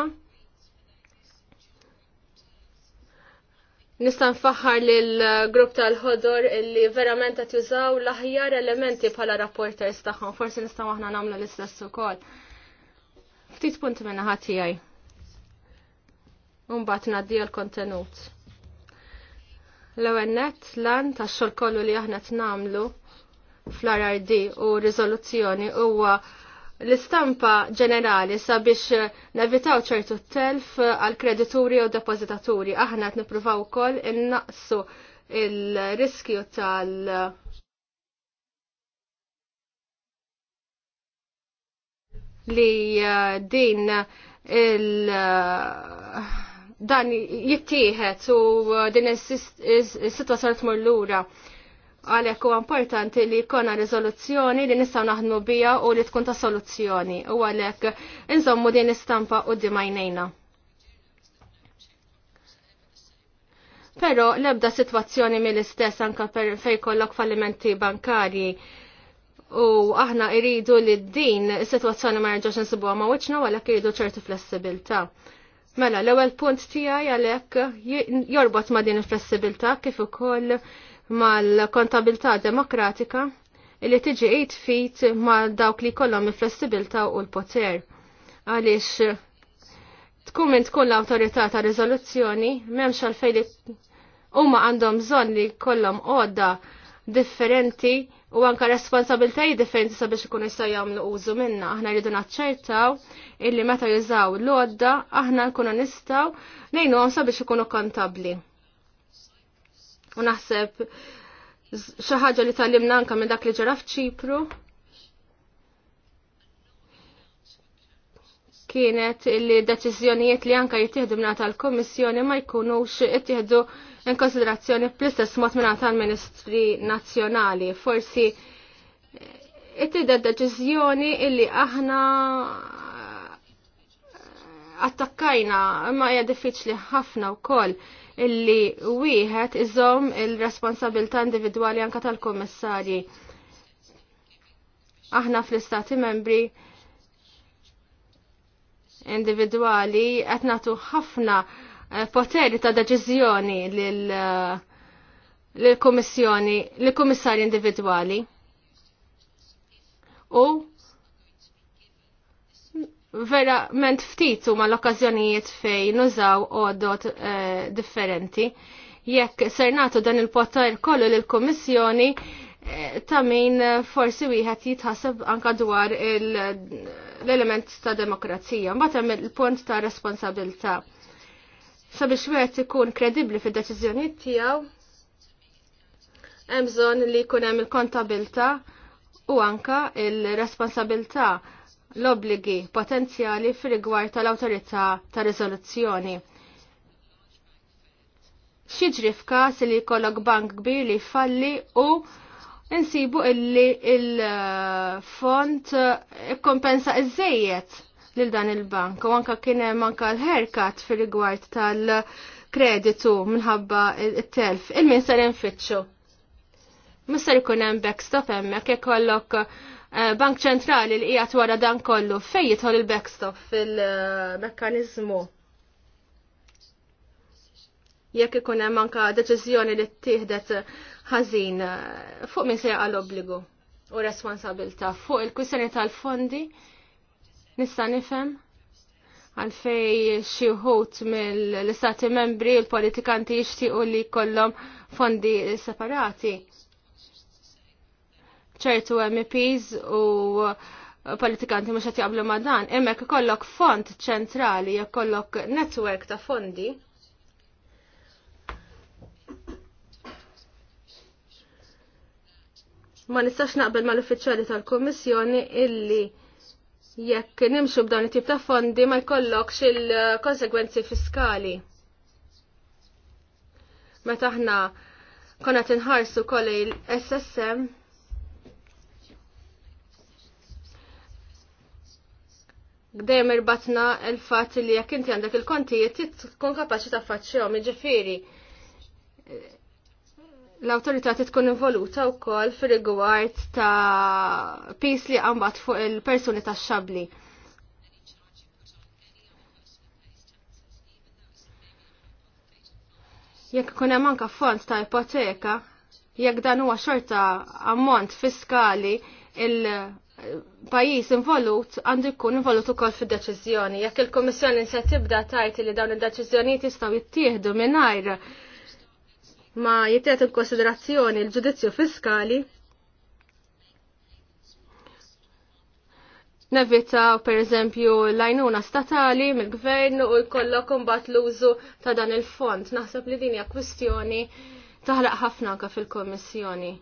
Nista' nfaħħar l grupp tal-ħodor illi verament qed jużaw l-aħjar elementi bħala rapporters tagħhom, forsi nistgħu aħna nagħmlu l-istess ukoll. Ftit punti minna ħati tiegħi. Mbagħad ngħaddi l-kontenut. L-ewwel lan tax-xogħol kollu li aħna t-namlu fl-RRD u rizoluzzjoni huwa l-istampa ġenerali sabiex nevitaw ċertu telf għal kredituri u depozitaturi. Aħna qed nippruvaw ukoll innaqsu il-riskju tal- li din il dan jittieħed u din is-sitwazzjoni tmur lura għalhekk huwa importanti li jkollna riżoluzzjoni li nistgħu naħdmu biha u li tkun ta' soluzzjoni u għalhekk inżommu din l-istampa u dimajnejna. Però l-ebda sitwazzjoni mill-istess anka per fej kollok fallimenti bankarji u aħna iridu li din is-sitwazzjoni ma nsibu nsibuha ma' wiċċna għalek iridu ċertu flessibilta. Mela, l-ewwel punt tiegħi għalhekk jorbot ma' din il-flessibilità kif ukoll mal-kontabilità demokratika li tiġi 8 fit ma' dawk li kollhom il-flessibilità u l-poter. Għaliex tkun minn tkun l-awtorità ta' rizoluzzjoni m'hemmx għalfejli li huma għandhom bżonn li kollhom għodda differenti u anka responsabiltajiet differenti sabiex ikunu jistgħu jagħmlu użu minna. Aħna rridu naċċertaw illi meta jużaw l-għodda aħna nkunu nistgħu ngħinuhom sabiex ikunu kontabbli. U naħseb xi ħaġa li tallimna anke minn dak li ġara f'Ċipru kienet li deċiżjonijiet li anka jittieħdu minn tal kummissjoni ma jkunux jittieħdu in konsiderazzjoni bl-istess mod minn tal-Ministri Nazzjonali. Forsi jittieħdu deċiżjoni illi aħna attakkajna ma hija diffiċli ħafna wkoll. koll illi wieħed iżom il-responsabilità individwali anka tal-kummissarji. Aħna fl-istati membri individwali qed nagħtu ħafna eh, poteri ta' deċiżjoni lill-kummissjoni, eh, lill-kummissarji individwali. U verament ftit huma l-okkażjonijiet fejn nużaw għodot e, differenti. Jekk ser nagħtu dan il-potter kollu lill-Kummissjoni e, eh, ta' min forsi wieħed jitħasab anka dwar l-element ta' demokrazija. Mbagħad hemm il-punt ta' responsabilità. Sabiex wieħed ikun kredibbli fid-deċiżjonijiet tiegħu hemm bżonn li jkun hemm il-kontabilta' u anka il-responsabilità l-obligi potenzjali fil-rigward tal-autorità ta' riżoluzzjoni. Xieġri f'kas li jkollok bank kbir li falli u insibu illi il-font kompensa iż-żejjed lil dan il-bank u anka kien hemm anka l herkat fil-rigward tal-kreditu minħabba it-telf. Il-min ser infittxu. Mister ikun hemm backstop hemmhekk jekk kollok Eh, bank ċentrali li qiegħed wara dan kollu fejn jidħol il-backstop fil-mekkaniżmu. Jekk ikun hemm anke deċiżjoni li ttieħdet ħażin eh, fuq min se l-obbligu u responsabilità fuq il-kwissjoni tal-fondi nista' nifhem għalfej wħud mill-istati membri l-politikanti jixtiequ li jkollhom fondi separati ċertu MEPs u politikanti mhux qed jaqblu ma' dan, hemmhekk ikollok fond ċentrali jekk kollok netwerk ta' fondi. Ma nistax naqbel mal-uffiċjali tal-Kummissjoni illi jekk nimxu b'dawn it-tip ta' fondi ma jkollokx il-konsegwenzi fiskali. Meta aħna konna tinħarsu koll il-SSM dejjem irbatna l-fatt li jekk inti għandek il-kontijiet tkun kapaċi taffaċċjahom, jiġifieri l-awtorità tkun involuta wkoll fir-rigward ta' pis li qambat fuq il-persuni tax-xabli. Jekk ikun hemm anke fond ta' ipoteka, jekk dan huwa xorta ammont fiskali il- pajis involut għandu jkun involut ukoll fid-deċiżjoni. Jekk il-Kummissjoni se tibda tajt li dawn id-deċiżjonijiet jistgħu jittieħdu mingħajr ma jittieħed in-konsiderazzjoni l-ġudizzju fiskali, Nevita, per eżempju lajnuna statali mill-gvern u jkollok imbagħad l-użu ta' dan il-fond. Naħseb li din hija kwistjoni taħraq ħafna fil-Kummissjoni.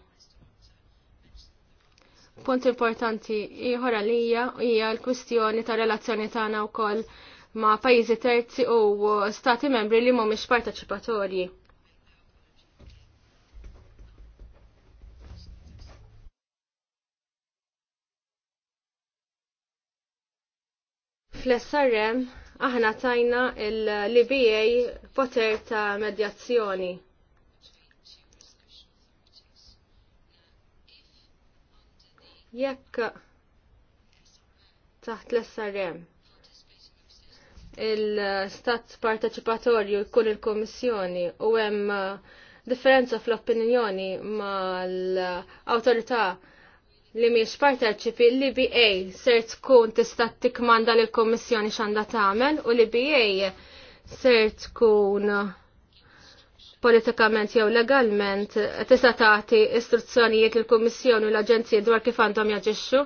Punt importanti ieħor għalija hija l-kwistjoni ta' relazzjoni tagħna wkoll ma' pajjiżi terzi u stati membri li mhumiex parteċipatorji. Fl-SRM aħna tajna l-LBA poter ta' medjazzjoni. Jekk taħt l-SRM il-stat parteċipatorju jkun il-Komissjoni u hemm uh, differenza fl-opinjoni mal-autorità li miex parteċipi li BA ser tkun tista' tikmanda lill-Kummissjoni x'għandha tagħmel u li BA ser tkun politikament jew legalment tista' tagħti istruzzjonijiet lill kummissjoni u l aġenzija dwar kif għandhom jaġixxu,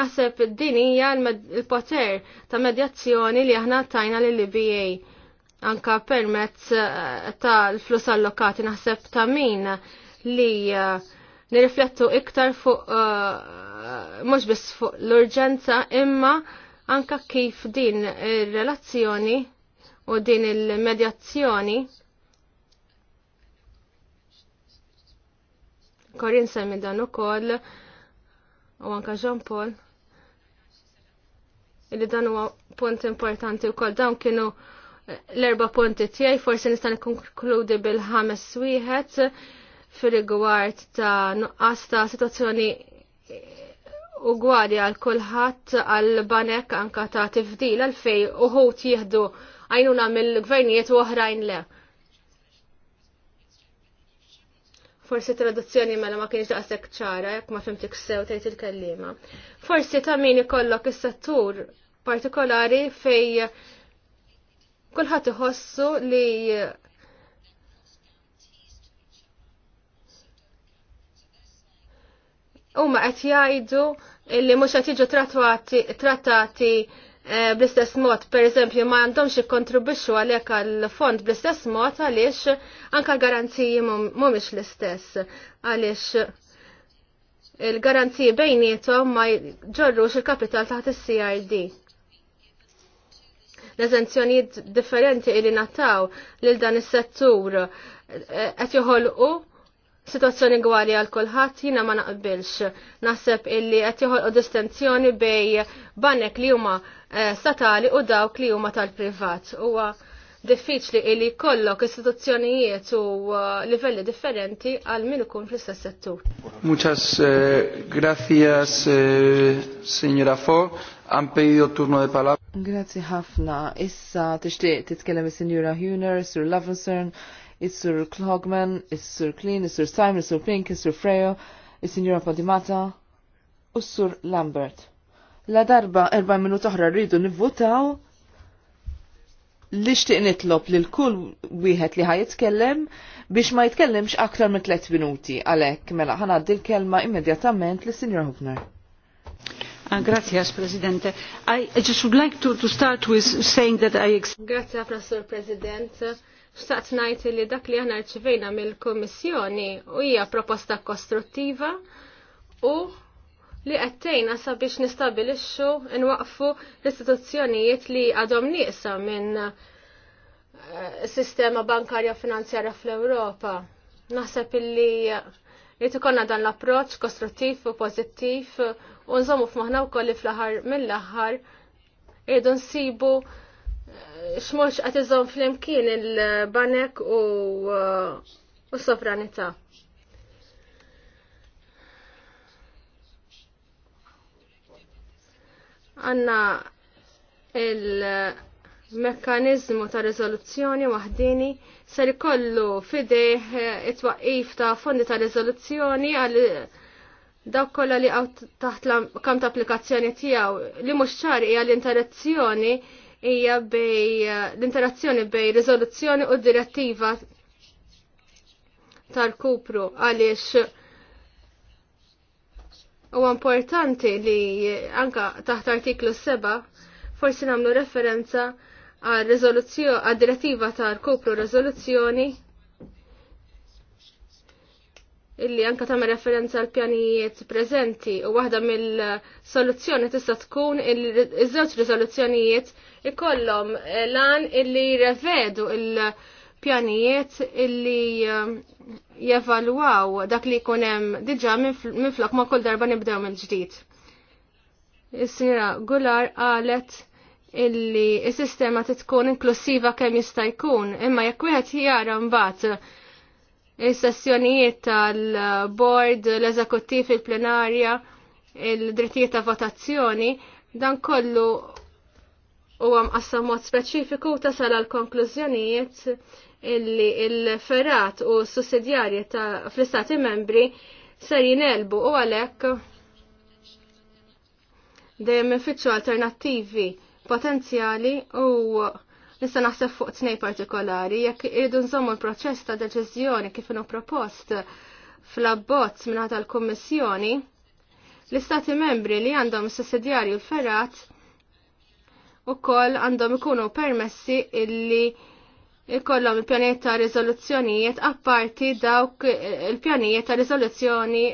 naħseb din hija l-poter ta' medjazzjoni li aħna tajna lill iba anka permezz eh, tal-flus allokati naħseb ta' min li eh, nirriflettu iktar fuq eh, mhux biss fuq l-urġenza imma anka kif din ir-relazzjoni u din il-medjazzjoni Korin semmi dan ukoll u anka Jean Paul illi dan huwa punt importanti wkoll dawn kienu l-erba punti tiegħi forsi nista' nikkonkludi bil-ħames wieħed fil rigward ta' nuqqas ta' sitwazzjoni gwadi għal kulħadd għal banek anka ta' tifdil għal fej uħut jieħdu għajnuna mill-gvernijiet u oħrajn le. Forsi traduzzjoni mela ma kienx daqshekk ċara jekk ma fimtik sew tgħid il-kellima. Forsi ta' min ikollok is-settur partikolari fej kulħadd iħossu li huma qed jgħidu li mhux qed jiġu trattati Eh, bl-istess mod, per eżempju, ma għandhomx ikkontribwixxu għalhekk għall-fond bl-istess mod għaliex anke l-garanziji mhumiex l-istess għaliex il-garanziji bejnietom ma jġorrux il-kapital taħt is-CRD. L-eżenzjonijiet differenti li nataw lil dan is-settur eh, qed joħolqu situazzjoni gwali għal kulħadd jiena ma naqbilx. Naħseb illi qed joħolqu distenzjoni bej banek li huma eh, statali u dawk li huma tal-privat. Huwa diffiċli illi kollok istituzzjonijiet u eh, livelli differenti għal min ikun fl-istess settur. Muchas eh, gracias, signora Fo. Han pedido turno de palabra. Grazie ħafna. Issa tixtieq titkellem is-Sinjura Huner, Sur Lavenson, is-Sur Klogman, is-Sur Clean, is-Sur Simon, is-Sur Pink, is-Sur Freo, is-Sinjura Padimata u s-Sur Lambert. La darba erba minut oħra rridu nivvutaw li xtiq nitlob lil kull wieħed li ħaj jitkellem biex ma jitkellemx aktar minn 3 minuti għalhekk mela ħanaddi l-kelma immedjatament lis Sinjor Hubner. Uh, ah, gracias, Presidente. I just would like to, to start with saying that I... Grazie, Professor President. Staqt najt li dak li aħna rċivejna mill-Kummissjoni hija proposta kostruttiva u li għattejna sabiex nistabilixxu nwaqfu l-istituzzjonijiet li għadhom nieqsa minn eh, sistema bankarja finanzjarja fl-Ewropa. Naħseb illi li tikonna dan l approċċ kostruttiv u pożittiv u nżommu f'moħħna wkoll li fl-aħħar mill-aħħar irridu nsibu xmux qed fl flimkien il-banek u s-sovranità. Uh, Għanna il-mekkanizmu ta' rizoluzzjoni waħdini ser ikollu fideħ it-twaqif ta' fondi ta' rezoluzzjoni għal dawk kollha li għaw taħt kam ta' applikazzjoni tiegħu li mhux ċari hija l-interazzjoni hija bej eh, l-interazzjoni bej riżoluzzjoni u direttiva tal-kupru għaliex u importanti li anka taħt artiklu 7 forsi namlu referenza għal direttiva tal-kupru rizoluzzjoni illi anka ta' referenza għal pjanijiet prezenti u waħda mill-soluzzjoni tista' tkun iż-żewġ riżoluzzjonijiet ikollhom eh, lan illi revedu il-pjanijiet illi eh, jevalwaw dak li jkun hemm diġà minflok ma kull darba nibdew mill-ġdid. Is-sinjora Gular qalet illi s-sistema titkun inklusiva kemm jista' jkun, imma jekk wieħed jara mbagħad il-sessjonijiet tal-board, l-eżekuttiv, il-plenarja, il-drittijiet ta' votazzjoni, dan kollu u għam mod speċifiku tasal għal konklużjonijiet illi il-ferrat u s-sussidjarji fl-istati membri ser jinelbu u għalek dejjem ifittxu alternattivi potenzjali u Nista' naħseb fuq tnej partikolari jekk irridu nżommu l-proċess ta' deċiżjoni kif inhu propost fl-abbozz minn l kummissjoni l-Istati membri li għandhom sussidjarju l-ferrat ukoll għandhom ikunu permessi illi ikollhom il-pjanijiet ta' riżoluzzjonijiet apparti dawk il-pjanijiet ta' riżoluzzjoni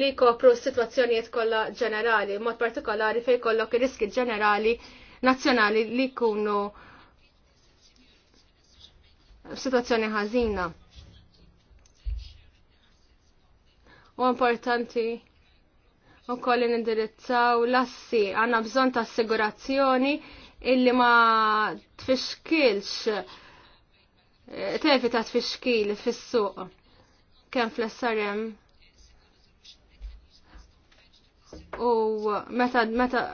li kopru s-sitwazzjonijiet kollha ġenerali, mod partikolari fejn kollok ir-riski ġenerali nazzjonali li jkunu situazzjoni ħażina. U importanti u koll nindirizzaw lassi għanna bżon ta' assigurazzjoni illi ma tfixkilx eh, tefi ta' tfixkil fis-suq kemm fl-SRM u meta, meta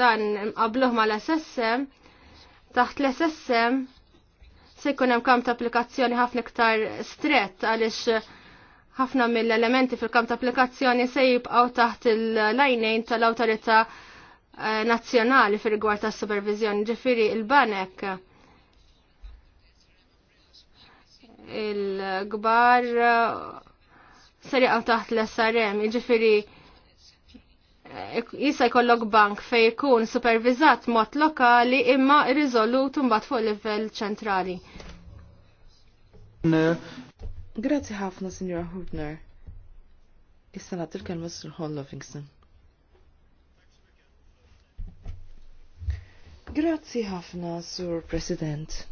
dan qabluh ma l-SSM taħt l-SSM se jkun hemm kamp ta' applikazzjoni ħafna iktar strett għaliex ħafna mill-elementi fil-kamp ta' applikazzjoni se jibqgħu taħt il-lajnejn tal-awtorità eh, nazzjonali fir rigward tas supervizjoni ġifiri il-banek il-gbar eh, ser jaqgħu taħt l-SRM, ġifiri jisa jkollok bank fej kun supervizat mod lokali imma rizolut mbagħad fuq livell ċentrali. Grazzi ħafna, Signora Hubner. Issa nagħti l-kelma Hall Lovingston. Grazzi ħafna, Sur President.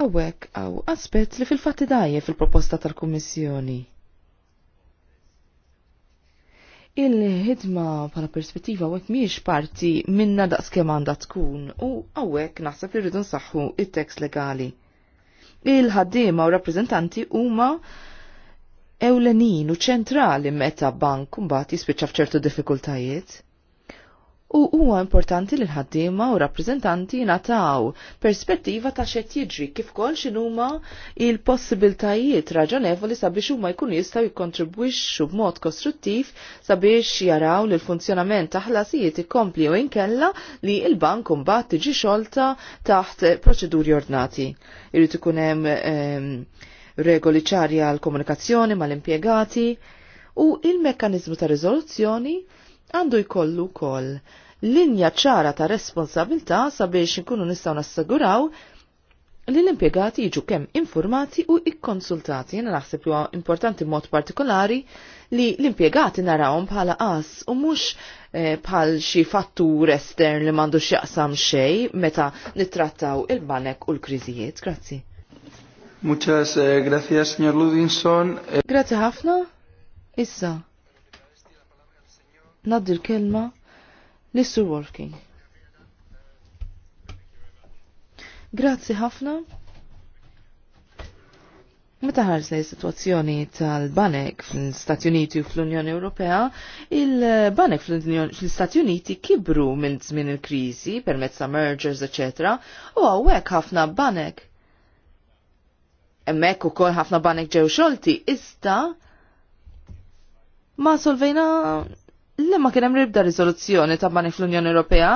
Awek, għaw aspet li fil-fatti dajje fil-proposta tal-Kummissjoni il-ħidma bħala perspettiva għek miex parti minna daqs kemanda tkun u għawek naħseb li rridu nsaħħu il-tekst legali. Il-ħaddima u rappresentanti huma ewlenin u ċentrali meta bank mbagħad jispiċċa f'ċertu diffikultajiet u huwa importanti li l-ħaddiema u rappreżentanti nataw perspettiva ta' xed jiġri kif kol x'inhuma il-possibiltajiet raġonevoli sabiex huma jkunu jistgħu jikkontribwixxu b'mod kostruttiv sabiex jaraw li l-funzjonament ta' ħlasijiet ikompli u inkella li l-bank mbagħad tiġi xolta taħt proċeduri ordnati. Irid ikun hemm ehm, regoli ċarja għal komunikazzjoni mal-impjegati u il-mekkanizmu ta' riżoluzzjoni għandu jkollu kol linja ċara ta' responsabilta sabiex nkunu nistaw nassaguraw li l-impiegati jiġu kemm informati u ikkonsultati. Jena naħseb huwa importanti mod partikolari li l-impiegati narawhom bħala qas u mhux eh, bħal xi fattur estern li m'għandux jaqsam xejn meta nittrattaw il-banek u l-kriżijiet. Grazzi. Muchas eh, gracias, signor Ludinson. Grazie ħafna. Issa, Naddi l-kelma l Grazzi ħafna. Meta ħarsna is-sitwazzjoni tal-banek fl-Stati Uniti u fl-Unjoni Ewropea, il-banek fl-Stati Uniti kibru minn żmien il-kriżi permezz ta' mergers, eċetera, u hawnhekk ħafna banek. Hemmhekk ukoll ħafna banek ġew xolti, iżda ma solvejna li ma kien hemm ribda riżoluzzjoni ta' bani fl-Unjoni Ewropea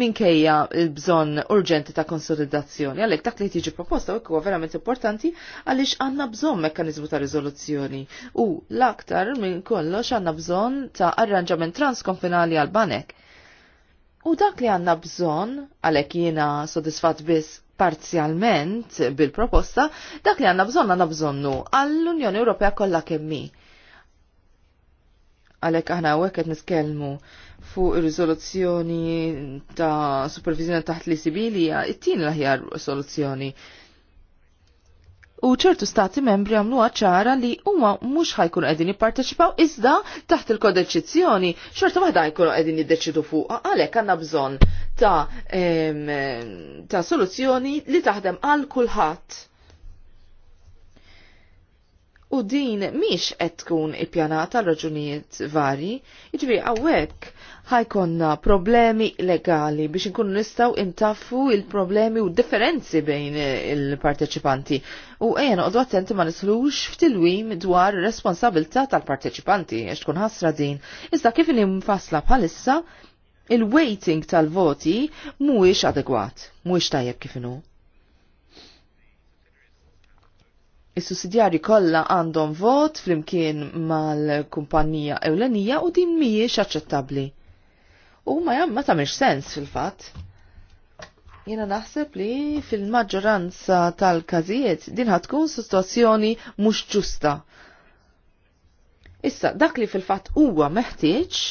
minkejja bżonn urġenti ta' konsolidazzjoni. Għalhekk dak li tiġi proposta huwa verament importanti għaliex għandna bżonn mekkaniżmu ta' riżoluzzjoni. U l-aktar minn kollox għandna bżonn ta' arranġament transkonfinali għal banek. U dak li għandna bżonn għalhekk jiena sodisfatt biss parzjalment bil-proposta, dak li għandna bżonn għandna bżonnu għall-Unjoni Ewropea kollha kemmi għalek aħna għawek għed niskelmu fuq il-rizoluzzjoni ta' supervizjoni taħt li sibilija, it-tin l-ħjar soluzzjoni. U ċertu stati membri għamlu ċara li huma mhux ħajkunu qegħdin jipparteċipaw iżda taħt il-kodeċizzjoni, xorta waħda jkunu qegħdin jiddeċidu fuq għalhekk għandna bżonn ta' ta' soluzzjoni li taħdem għal kulħadd u din miex qed tkun ippjanata raġunijiet varji, jiġri għawek ħajkonna problemi legali biex nkunu nistaw intaffu il-problemi u differenzi bejn il-parteċipanti. U ejja noqdu attenti ma nislux f'tilwim dwar responsabilità tal-parteċipanti għax tkun ħasra din. Iżda kif nimfasla bħalissa, il-waiting tal-voti mhuwiex adegwat, mhuwiex tajjeb kif inhu. Is-sussidjarji kollha għandhom vot flimkien mal-kumpanija ewlenija u din mhijiex aċċettabbli. U ma jam ma tagħmilx sens fil-fatt. Jiena naħseb li fil-maġġoranza tal-każijiet din ħatkun sitwazzjoni mhux ġusta. Issa dak li fil-fatt huwa meħtieġ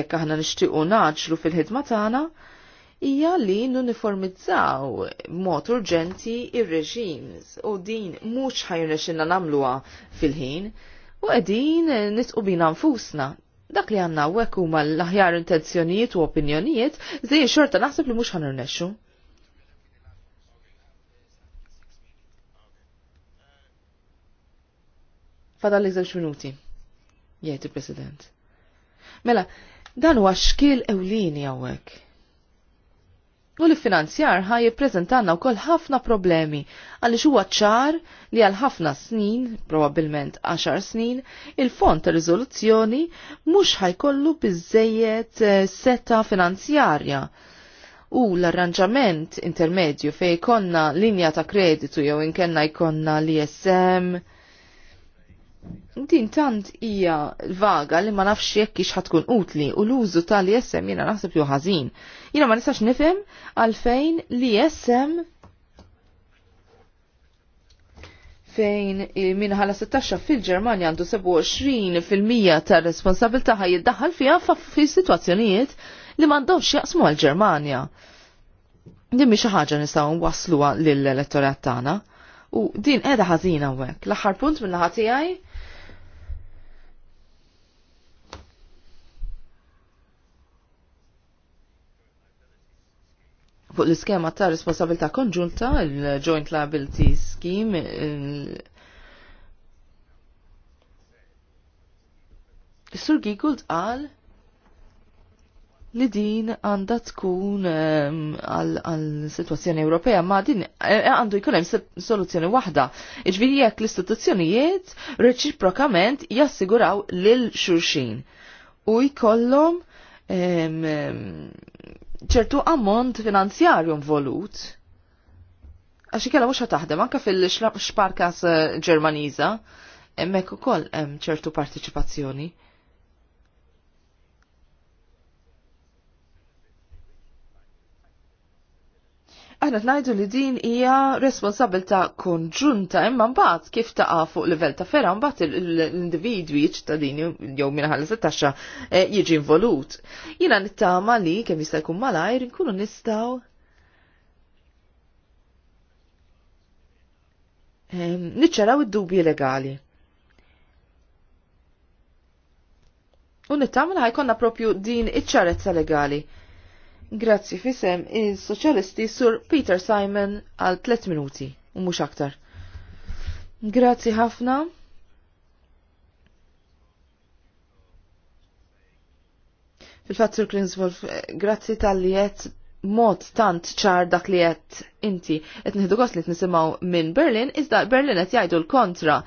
jekk aħna nixtiequ naġlu fil-ħidma tagħna hija li nuniformizzaw mod urġenti ir-reġims u din mhux ħajrnexxinna nagħmluha fil-ħin u qegħdin nisqu bina nfusna. Dak li għanna hawnhekk huma l-aħjar intenzjonijiet u opinjonijiet, żej xorta naħseb li mhux ħanirnexxu. Fadal li żewġ minuti, jgħid il-President. Mela, dan huwa għaxkil ewlieni hawnhekk U li finanzjar ħaj jippreżentanna wkoll ħafna problemi għaliex huwa ċar li għal ħafna snin, probabbilment 10 snin, il-fond ta' riżoluzzjoni mhux ħajkollu biżejjed eh, seta finanzjarja. U l-arranġament intermedju fej konna linja ta' kreditu jew inkenna jkonna l-ISM, din tant hija vaga li ma nafx jekk ix ħatkun utli u l-użu tal-ISM jiena naħseb ju ħażin. Jiena ma nistax nifhem għalfejn li ISM fejn ħala 16 fil-Ġermanja għandu 27% ta' responsabilta ħaj jiddaħħal fija fi situazzjonijiet li m'għandhomx jaqsmu għal-Ġermanja. Din mhi xi ħaġa nistgħu nwassluha lill-elettorat tagħna. U din qiegħda ħażina hawnhekk. L-aħħar punt mill laħatijaj tiegħi fuq l-iskema ta' responsabilità konġunta, il-Joint Liability Scheme, Sur Gigult qal li din għanda tkun ehm, għal situazzjoni Ewropea, ma din e, e, għandu jkun hemm soluzzjoni waħda. Iġviri jekk l-istituzzjonijiet reċiprokament jassiguraw lil xurxin u jkollhom ehm, ċertu ammont finanzjarju involut. Għax kella mhux taħdem anke fil-Sparkas eh, Ġermaniża, hemmhekk ukoll hemm ċertu partiċipazzjoni. Aħna tnajdu li din hija responsabilta konġunta imma mbagħad kif taqa' fuq livell ta' fera mbagħad l-individwi ċittadini jew minn ħallas it eh, jiġi involut. Jiena nittama li kemm jista' jkun malajr nkunu nistgħu ehm, niċċaraw id-dubji legali. U li ħajkonna propju din iċ-ċarezza legali. Grazzi fisem il-soċjalisti sur Peter Simon għal 3 minuti, u mux aktar. Grazzi ħafna. Fil-fat sur Klinswolf, grazzi tal liet mod tant ċar dak li qed inti. qed nħidu gost li tnisimgħu minn Berlin, iżda Berlin qed jgħidu l-kontra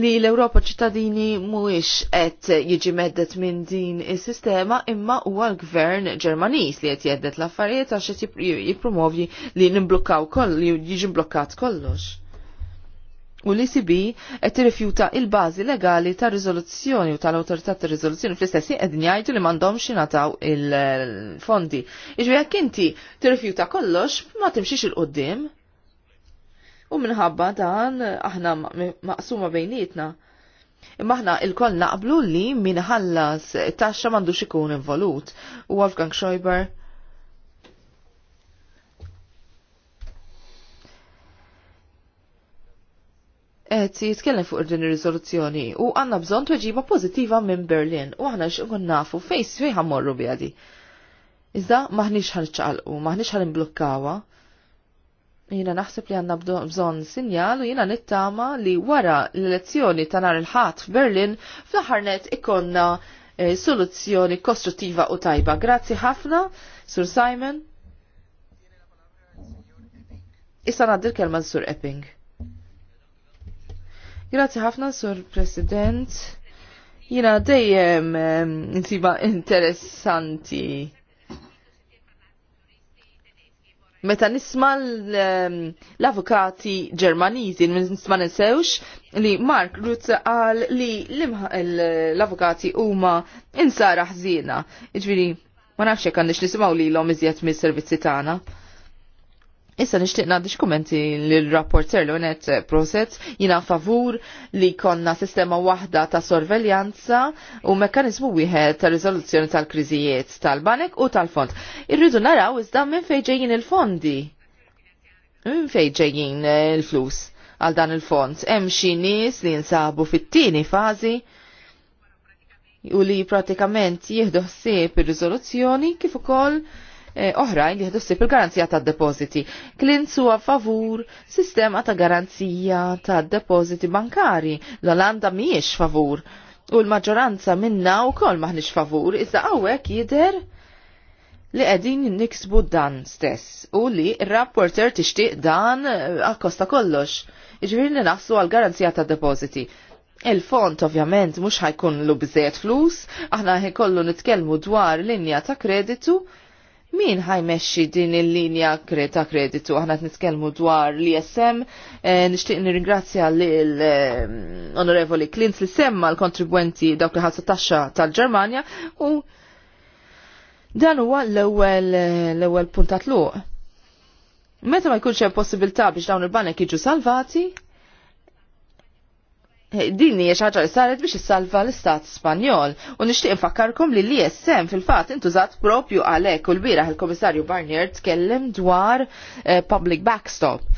li l-Europa ċittadini mhuwiex qed jiġi meddet minn din is-sistema imma huwa l-gvern Ġermaniż li qed jeddet l-affarijiet għax qed jippromovji li nimblukkaw koll li jiġi mblukkat kollox. U l-ECB qed tirrifjuta il-bażi legali ta' riżoluzzjoni u tal-awtorità ta' riżoluzzjoni fl-istess qed jgħidu li m'għandhomx jingħataw il-fondi. Iġbi jekk inti tirrifjuta kollox ma timxiex il-qudiem u minħabba dan aħna maqsuma bejnietna. Imma aħna il-koll naqblu li min ħallas taxxa m'għandux ikun involut u Wolfgang Schäuber qed jitkellem fuq din ir-riżoluzzjoni u għandna bżonn tweġiba pożittiva minn Berlin u aħna x'inkun nafu fejn fejn ħammorru bjadi. Iżda maħniex ħalċaqalqu, maħniex ħalimblukkawa. Jina naħseb li għanna bżon sinjal u jina nittama li wara l-elezzjoni ta' nar il-ħat f'Berlin fl-ħarnet ikonna e, soluzzjoni kostruttiva u tajba. Grazzi ħafna, Sur Simon. Issa naddir kelma Sur Epping. Grazzi ħafna, Sur President. Jina dejjem um, interessanti Meta nisma ehm, l-avukati ġermaniżi, nisma nisewx li Mark Rutz qal li l-avukati huma insara ħżiena. Iġviri, ma nafx jekk għandix nisimgħu lilhom iżjed mis-servizzi tagħna. Issa nishtiq naddi x'kumenti l-rapporter Leonet Proset jina favur li konna sistema waħda ta' sorveljanza u mekkanizmu wieħed ta' riżoluzzjoni tal-kriżijiet tal-banek u tal-fond. Irridu naraw iżda minn fejn ġejjin il-fondi. Minn fejn ġejjin il-flus għal dan il-fond. Hemm xi nies li jinsabu fit-tieni fażi u li pratikament jieħdu ħsieb ir-riżoluzzjoni kif ukoll Eh, oħrajn li ħedu il-garanzija tad depositi. Klin su favur sistema ta' garanzija tad depositi bankari. L-Olanda mhijiex favur. U l-maġġoranza minna u kol maħnix favur, iżda għawek jider li għedin niksbu dan stess u li rapporter tixtieq dan eh, akkosta kollox. Iġviri naħsu għal garanzija ta' depositi. Il-font ovvjament mux ħajkun l bżiet flus, aħna kollu nitkelmu dwar linja ta' kreditu min ħajmexxi din il-linja ta' kreditu? Aħna nitkellmu dwar l-ISM, eh, nixtieq nirringrazzja l-Onorevoli eh, Klint li semma l-kontribwenti dawk li ħalsu taxxa tal-Ġermanja u dan huwa l-ewwel eh, l-ewwel puntat luq. Meta ma jkunx hemm possibilità biex dawn il-banek jiġu salvati, din hija xi ħaġa li saret biex issalva l-Istat Spanjol u nixtieq infakkarkom li l-ISM fil-fatt intużat propju għalhekk u l-bieraħ il-Komissarju Barnier tkellem dwar eh, public backstop.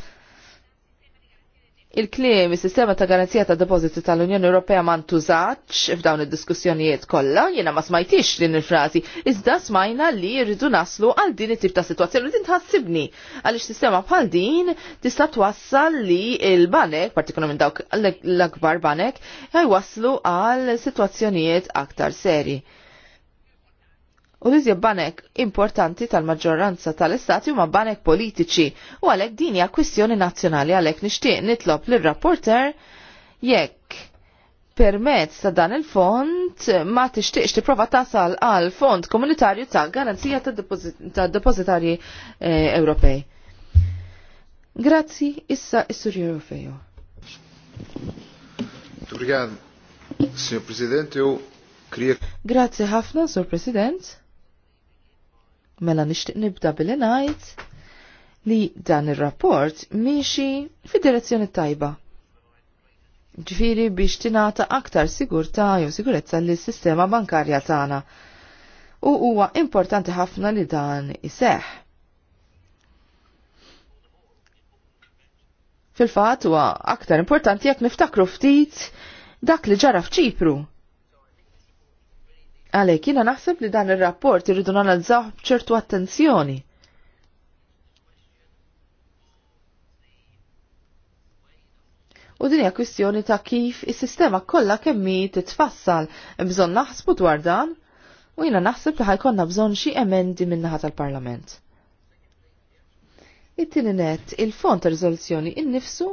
Il-klim, is sistema ta' garanzija ta' depożiti tal-Unjoni Ewropea ma' ntużax f'dawn id-diskussjonijiet kollha, jiena ma smajtix din il-frażi, iżda smajna li rridu naslu għal din it-tip ta' sitwazzjoni din tħassibni għaliex sistema bħal din tista' twassal li l-banek, partikolarment dawk l-akbar banek, waslu għal sitwazzjonijiet aktar seri. U li banek importanti tal-maġġoranza tal-istati huma banek politiċi u għalhekk din hija kwistjoni nazzjonali għalhekk nixtieq nitlob lir-rapporter jekk permezz ta' dan il-fond ma tixtieqx tipprova tasal għal fond komunitarju tal garanzija ta' depozitarji eh, Ewropej. Grazzi, issa is-Sur Ewropejo. Turgan, Signor Presidente, u Grazie ħafna, Sur President. Mela nixtieq nibda billi ngħid li dan ir-rapport miexi fid-direzzjoni tajba. Ġifiri biex tingħata aktar sigurtà jew sigurezza lis sistema bankarja tagħna. U huwa importanti ħafna li dan iseħħ. Fil-fatt huwa aktar importanti jekk niftakru ftit dak li ġara f'Ċipru Għalek, jina naħseb li dan il-rapport irridu nanalizzaw bċertu attenzjoni. U dinja kwistjoni ta' kif is-sistema kollha kemmi titfassal bżonn naħsbu dwar dan u jina naħseb li ħajkonna bżonn xi emendi minnaħa tal-Parlament. It-tieni net il-fond ta' riżoluzzjoni innifsu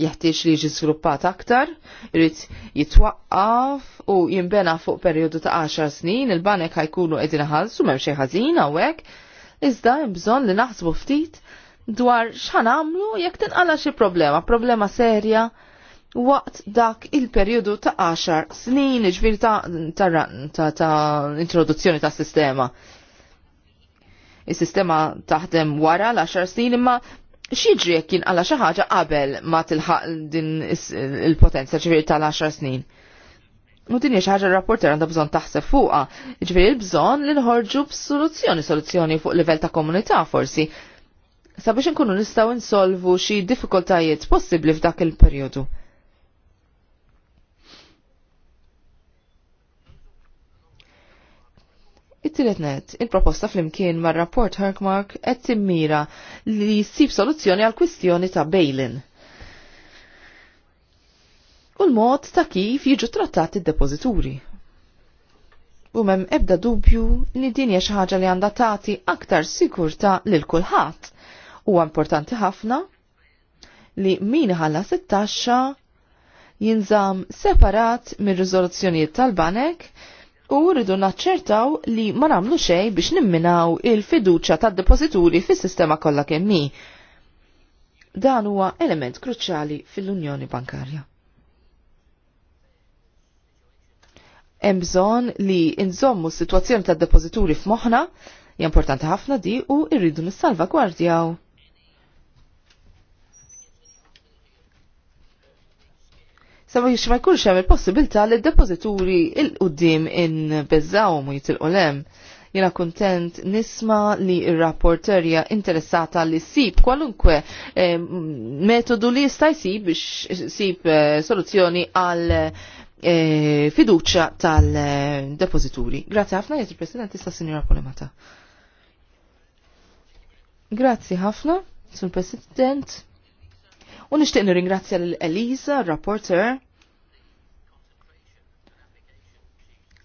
jeħtieġ li jiġi żviluppat aktar, irid jitwaqqaf u jinbena fuq perjodu ta' 10 snin, il-banek ħajkunu qegħdin ħalsu m'hemm xi ħażin hawnhekk, iżda hemm bżonn li naħsbu ftit dwar x'ħanamlu jekk tinqala xi problema, problema serja waqt dak il-perjodu ta' 10 snin, ġvir ta', ta introduzzjoni ta' sistema. Is-sistema taħdem wara l-10 snin imma xieġri jekk jinqala xi ħaġa qabel ma tilħaq din il potenza ċifiri tal-10 snin. U din hija xi ħaġa rapporter għandha bżonn taħseb fuqha, ġifieri bżonn li nħorġu b'soluzzjoni, soluzzjoni fuq livell ta' komunità forsi. Sabiex inkunu nistgħu insolvu xi diffikultajiet possibbli f'dak il periodu it tiret net, il-proposta flimkien mar rapport Herkmark qed timmira li jissib soluzzjoni għal kwistjoni ta' bail-in. U l-mod ta' kif jiġu trattati id-depożituri. U mem ebda dubju li din hija xi ħaġa li għandha tagħti aktar sikurta lil kulħadd. Huwa importanti ħafna li min ħalla it jinżam separat mir-riżoluzzjonijiet tal-banek u rridu naċċertaw li ma nagħmlu xejn biex nimminaw il-fiduċja tad-depożituri fis-sistema kollha kemm hi. Dan huwa element kruċjali fil-Unjoni Bankarja. Hemm bżonn li nżommu s-sitwazzjoni tad-depożituri f'moħħna, hija importanti ħafna di u rridu nissalvagwardjaw Sa jiex ma jkunx hemm il-possibilità li d-depożituri il-qudiem inbeżawhom mu jitilqu lem. Jena kontent nisma li il-rapporterja interessata li sib kwalunkwe eh, metodu li jista' sib biex sib eh, soluzzjoni għal eh, fiduċa tal-depozituri. Grazie ħafna, jgħet il-President tista' Sinjora Polemata. Grazie ħafna, Sur President. U nixtieq nirringrazzja l Eliza, rapporter,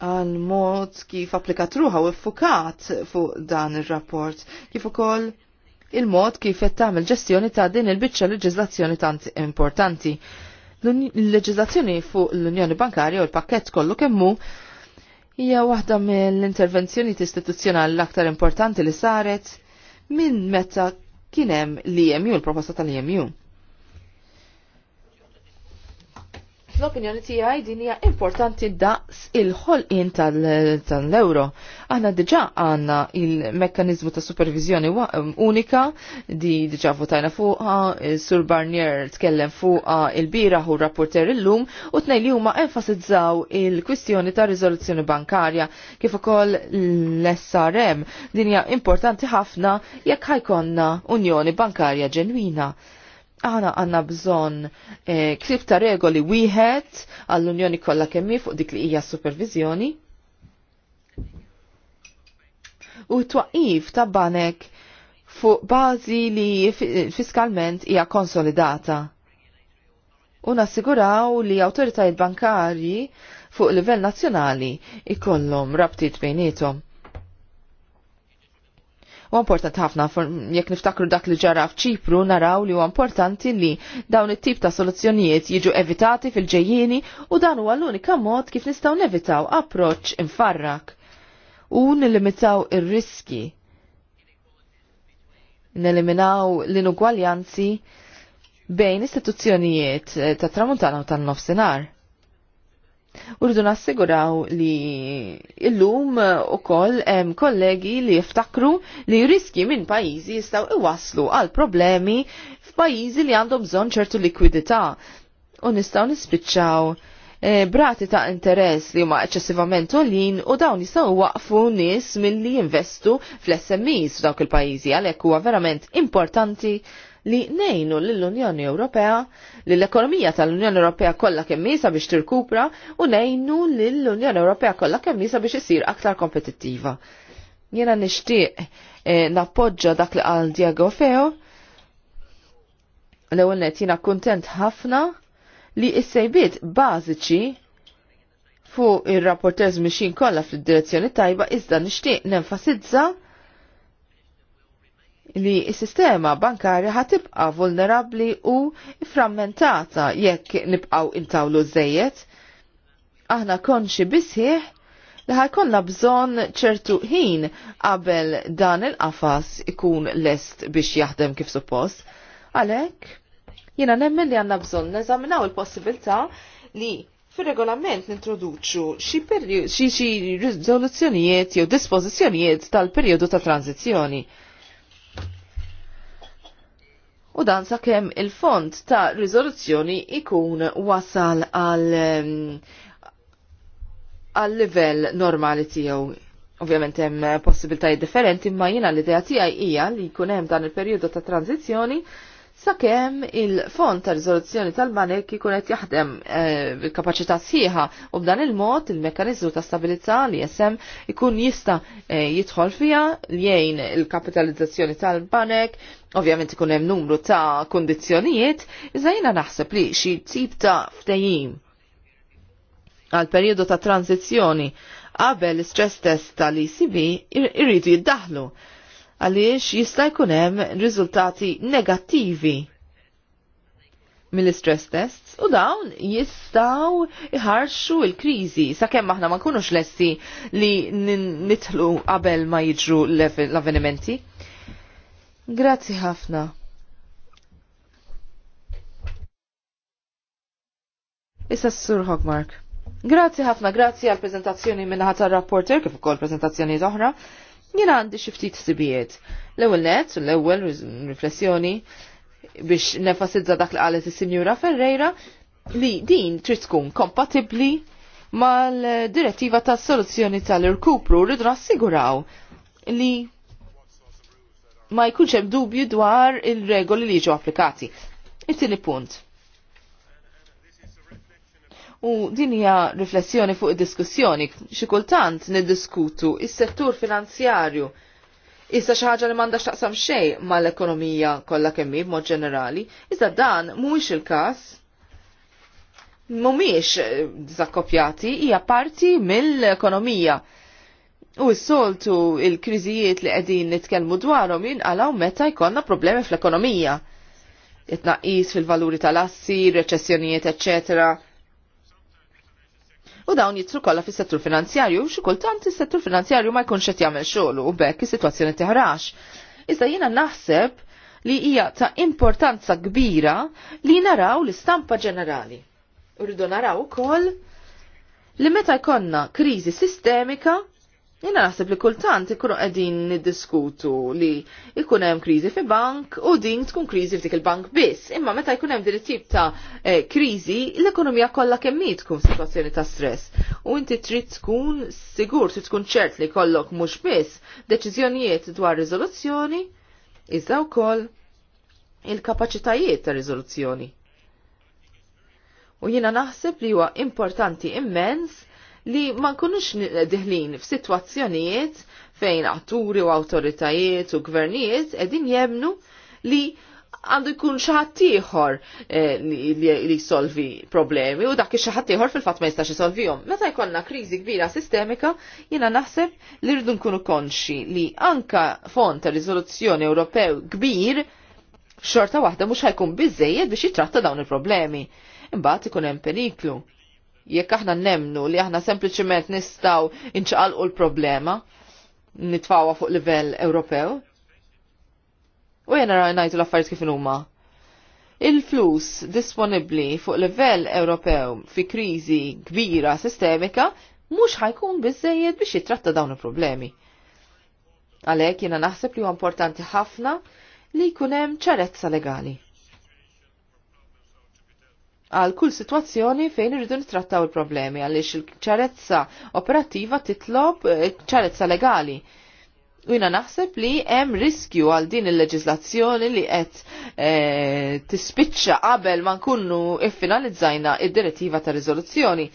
għal mod kif applikat ruħa u fukat fuq dan ir-rapport, kif ukoll il-mod kif qed tagħmel ġestjoni ta' din il-biċċa leġiżlazzjoni tant importanti. L-leġiżlazzjoni fuq l-Unjoni Bankarja u l-pakkett kollu kemmu hija waħda mill-intervenzjoni istituzzjonali l-aktar importanti li saret minn meta kien hemm l imu l-proposta tal-EMU. Fl-opinjoni tiegħi din hija importanti daqs il-ħolqien tal-euro. Aħna diġà għandna il-mekkaniżmu ta' supervizjoni unika di diġà votajna fuqha, Sur Barnier tkellem fuqha il-bieraħ u rapporter illum u tnej li huma enfasizzaw il-kwistjoni ta' riżoluzzjoni bankarja kif ukoll l-SRM. Din hija importanti ħafna jekk ħajkonna Unjoni Bankarja ġenwina aħna għanna bżon e, ksib ta' regoli wieħed għall-Unjoni kollha hi fuq dik li hija supervizjoni. U twaqif ta' banek fuq bażi li fiskalment hija konsolidata. U nassiguraw li awtoritajiet bankarji fuq livell nazzjonali ikollhom rabtiet bejnietom. U importanti ħafna, jekk niftakru dak li ġara f'Ċipru, naraw li huwa importanti li dawn it-tip ta' soluzzjonijiet jiġu evitati fil-ġejjieni u dan huwa l-unika mod kif nistgħu nevitaw approċċ infarrak u nilimitaw ir-riski. Neliminaw l-inugwaljanzi bejn istituzzjonijiet eh, ta' tramuntana u tan-nofsinhar Urdu nassiguraw li illum u koll kollegi li jiftakru li riski minn pajizi jistaw iwaslu għal problemi f'pajizi li għandhom bżon ċertu likwidità u nistaw nispiċċaw e, brati ta' interess li huma eċċessivament olin u dawn jistgħu waqfu nies milli jinvestu fl-SMEs f'dawk il-pajjiżi għalhekk huwa verament importanti li nejnu l-Unjoni Ewropea, li l-ekonomija tal-Unjoni Ewropea kollha kemm isa biex tirkupra u nejnu l-Unjoni Ewropea kollha kemm isa biex isir aktar kompetittiva. Jiena nixtieq eh, nappoġġa dak li qal Diego Feo. L-ewwel net jiena kuntent ħafna li s-sejbiet bażiċi fuq ir-rapporters mixin kollha fid-direzzjoni tajba iżda nixtieq nenfasizza li s-sistema bankarja ħatibqa vulnerabli u frammentata jekk nibqaw intawlu żejjed. Aħna konxi bisħieħ li ħajkonna bżon ċertu ħin qabel dan il-qafas ikun lest biex jaħdem kif suppost. Għalek, jena nemmen li għanna bżon neżaminaw il-possibilta li fil-regolament nintroduċu xi xi riżoluzzjonijiet jew dispożizzjonijiet tal-perjodu ta' tranzizzjoni u dan sakemm il-font ta' rizoluzzjoni ikun wasal għal għal livell normali tiegħu. Ovvjament hemm possibiltajiet differenti, imma jiena l-idea tiegħi hija li jkun hemm dan il-perjodu ta' tranzizzjoni sakem il-fond ta' rizoluzzjoni tal-banek ikun qed jaħdem eh, bil-kapaċità sħiħa u b'dan il-mod il mekanizmu ta' stabilità li jesem ikun jista' eh, jidħol fija jgħin il-kapitalizzazzjoni tal-banek, ovvjament ikun hemm numru ta' kundizzjonijiet, iżda jiena naħseb li xi tip ta' ftehim għal periodu ta' tranzizzjoni qabel l-stress test tal-ECB irridu jiddaħlu. Ir għaliex jista' jkun hemm riżultati negattivi mill-stress tests u dawn jistaw iħarxu il-krizi sakemm aħna ma nkunux lessi li nitħlu qabel ma jiġru l-avvenimenti. Grazzi ħafna. Issa s-sur Hogmark. Grazzi ħafna, grazzi għal prezentazzjoni minna ħata rapporter kif ukoll prezentazzjoni oħra jina għandi xi ftit sibijiet. L-ewwel net, l-ewwel riflessjoni biex nefasidza dak li qalet is-Sinjura Ferreira li din trid tkun kompatibbli mal-direttiva ta' soluzzjoni tal-irkupru li assiguraw li ma jkunx hemm dubju dwar il-regoli li jiġu applikati. It-tieni punt. U din hija riflessjoni fuq id-diskussjoni, xi kultant niddiskutu is-settur finanzjarju. Issa xi ħaġa li m'għandax taqsam xejn mal-ekonomija kollha kemm hi b'mod ġenerali, iżda dan mhuwiex il-każ. Mhumiex zakkopjati, eh, hija parti mill-ekonomija. U s-soltu il-kriżijiet li qegħdin nitkellmu dwarhom jinqalgħu meta jkollna problemi fl-ekonomija. Itnaqqis fil-valuri tal-assi, reċessjonijiet, eċċetera u dawn jitru kollha fis-settur finanzjarju u xi kultant is-settur finanzjarju ma jkunx qed jagħmel xogħol u bekk is-sitwazzjoni teħrax. Iżda jiena naħseb li hija ta' importanza kbira li naraw l-istampa ġenerali. Urridu naraw ukoll li meta jkollna kriżi sistemika jina naħseb li kultant ikunu qegħdin niddiskutu li ikun hemm kriżi fi bank u din tkun kriżi f'dik il-bank biss. Imma meta jkun hemm din it-tip ta' eh, kriżi, l-ekonomija kollha kemm tkun situazzjoni ta' stress. U inti trid tkun sigur, trid tkun ċert li kollok mhux biss deċiżjonijiet dwar riżoluzzjoni, iżda wkoll il-kapaċitajiet ta' riżoluzzjoni. U jiena naħseb li huwa importanti immens li ma nkunux diħlin f'sitwazzjonijiet fejn atturi u awtoritajiet u gvernijiet edin jemnu li għandu jkun xaħat ieħor eh, li jsolvi problemi u dak xaħat ieħor fil-fatt ma jistax jom. Meta jkollna kriżi kbira sistemika, jiena naħseb li rridu nkunu konxi li anka font ta' rizoluzzjoni Ewropew kbir xorta waħda mhux ħajkun bizzejed biex jitratta dawn il-problemi. Imbagħad ikun hemm periklu jekk aħna nemnu li aħna sempliciment nistaw inċaqalqu l-problema nitfawa fuq livell Ewropew. U jena rajnajtu l-affarijiet kif huma. Il-flus disponibli fuq livell Ewropew fi kriżi kbira sistemika mhux ħajkun biżejjed biex jitratta dawn il-problemi. Għalhekk jiena naħseb li huwa importanti ħafna li jkun hemm ċarezza legali għal kull situazzjoni fejn irridu nittrattaw il-problemi għaliex il-ċarezza operattiva titlob eh, ċarezza legali. U jina naħseb li hemm riskju għal din il-leġislazzjoni li qed eh, tispiċċa qabel ma nkunu iffinalizzajna id-direttiva ta' riżoluzzjoni.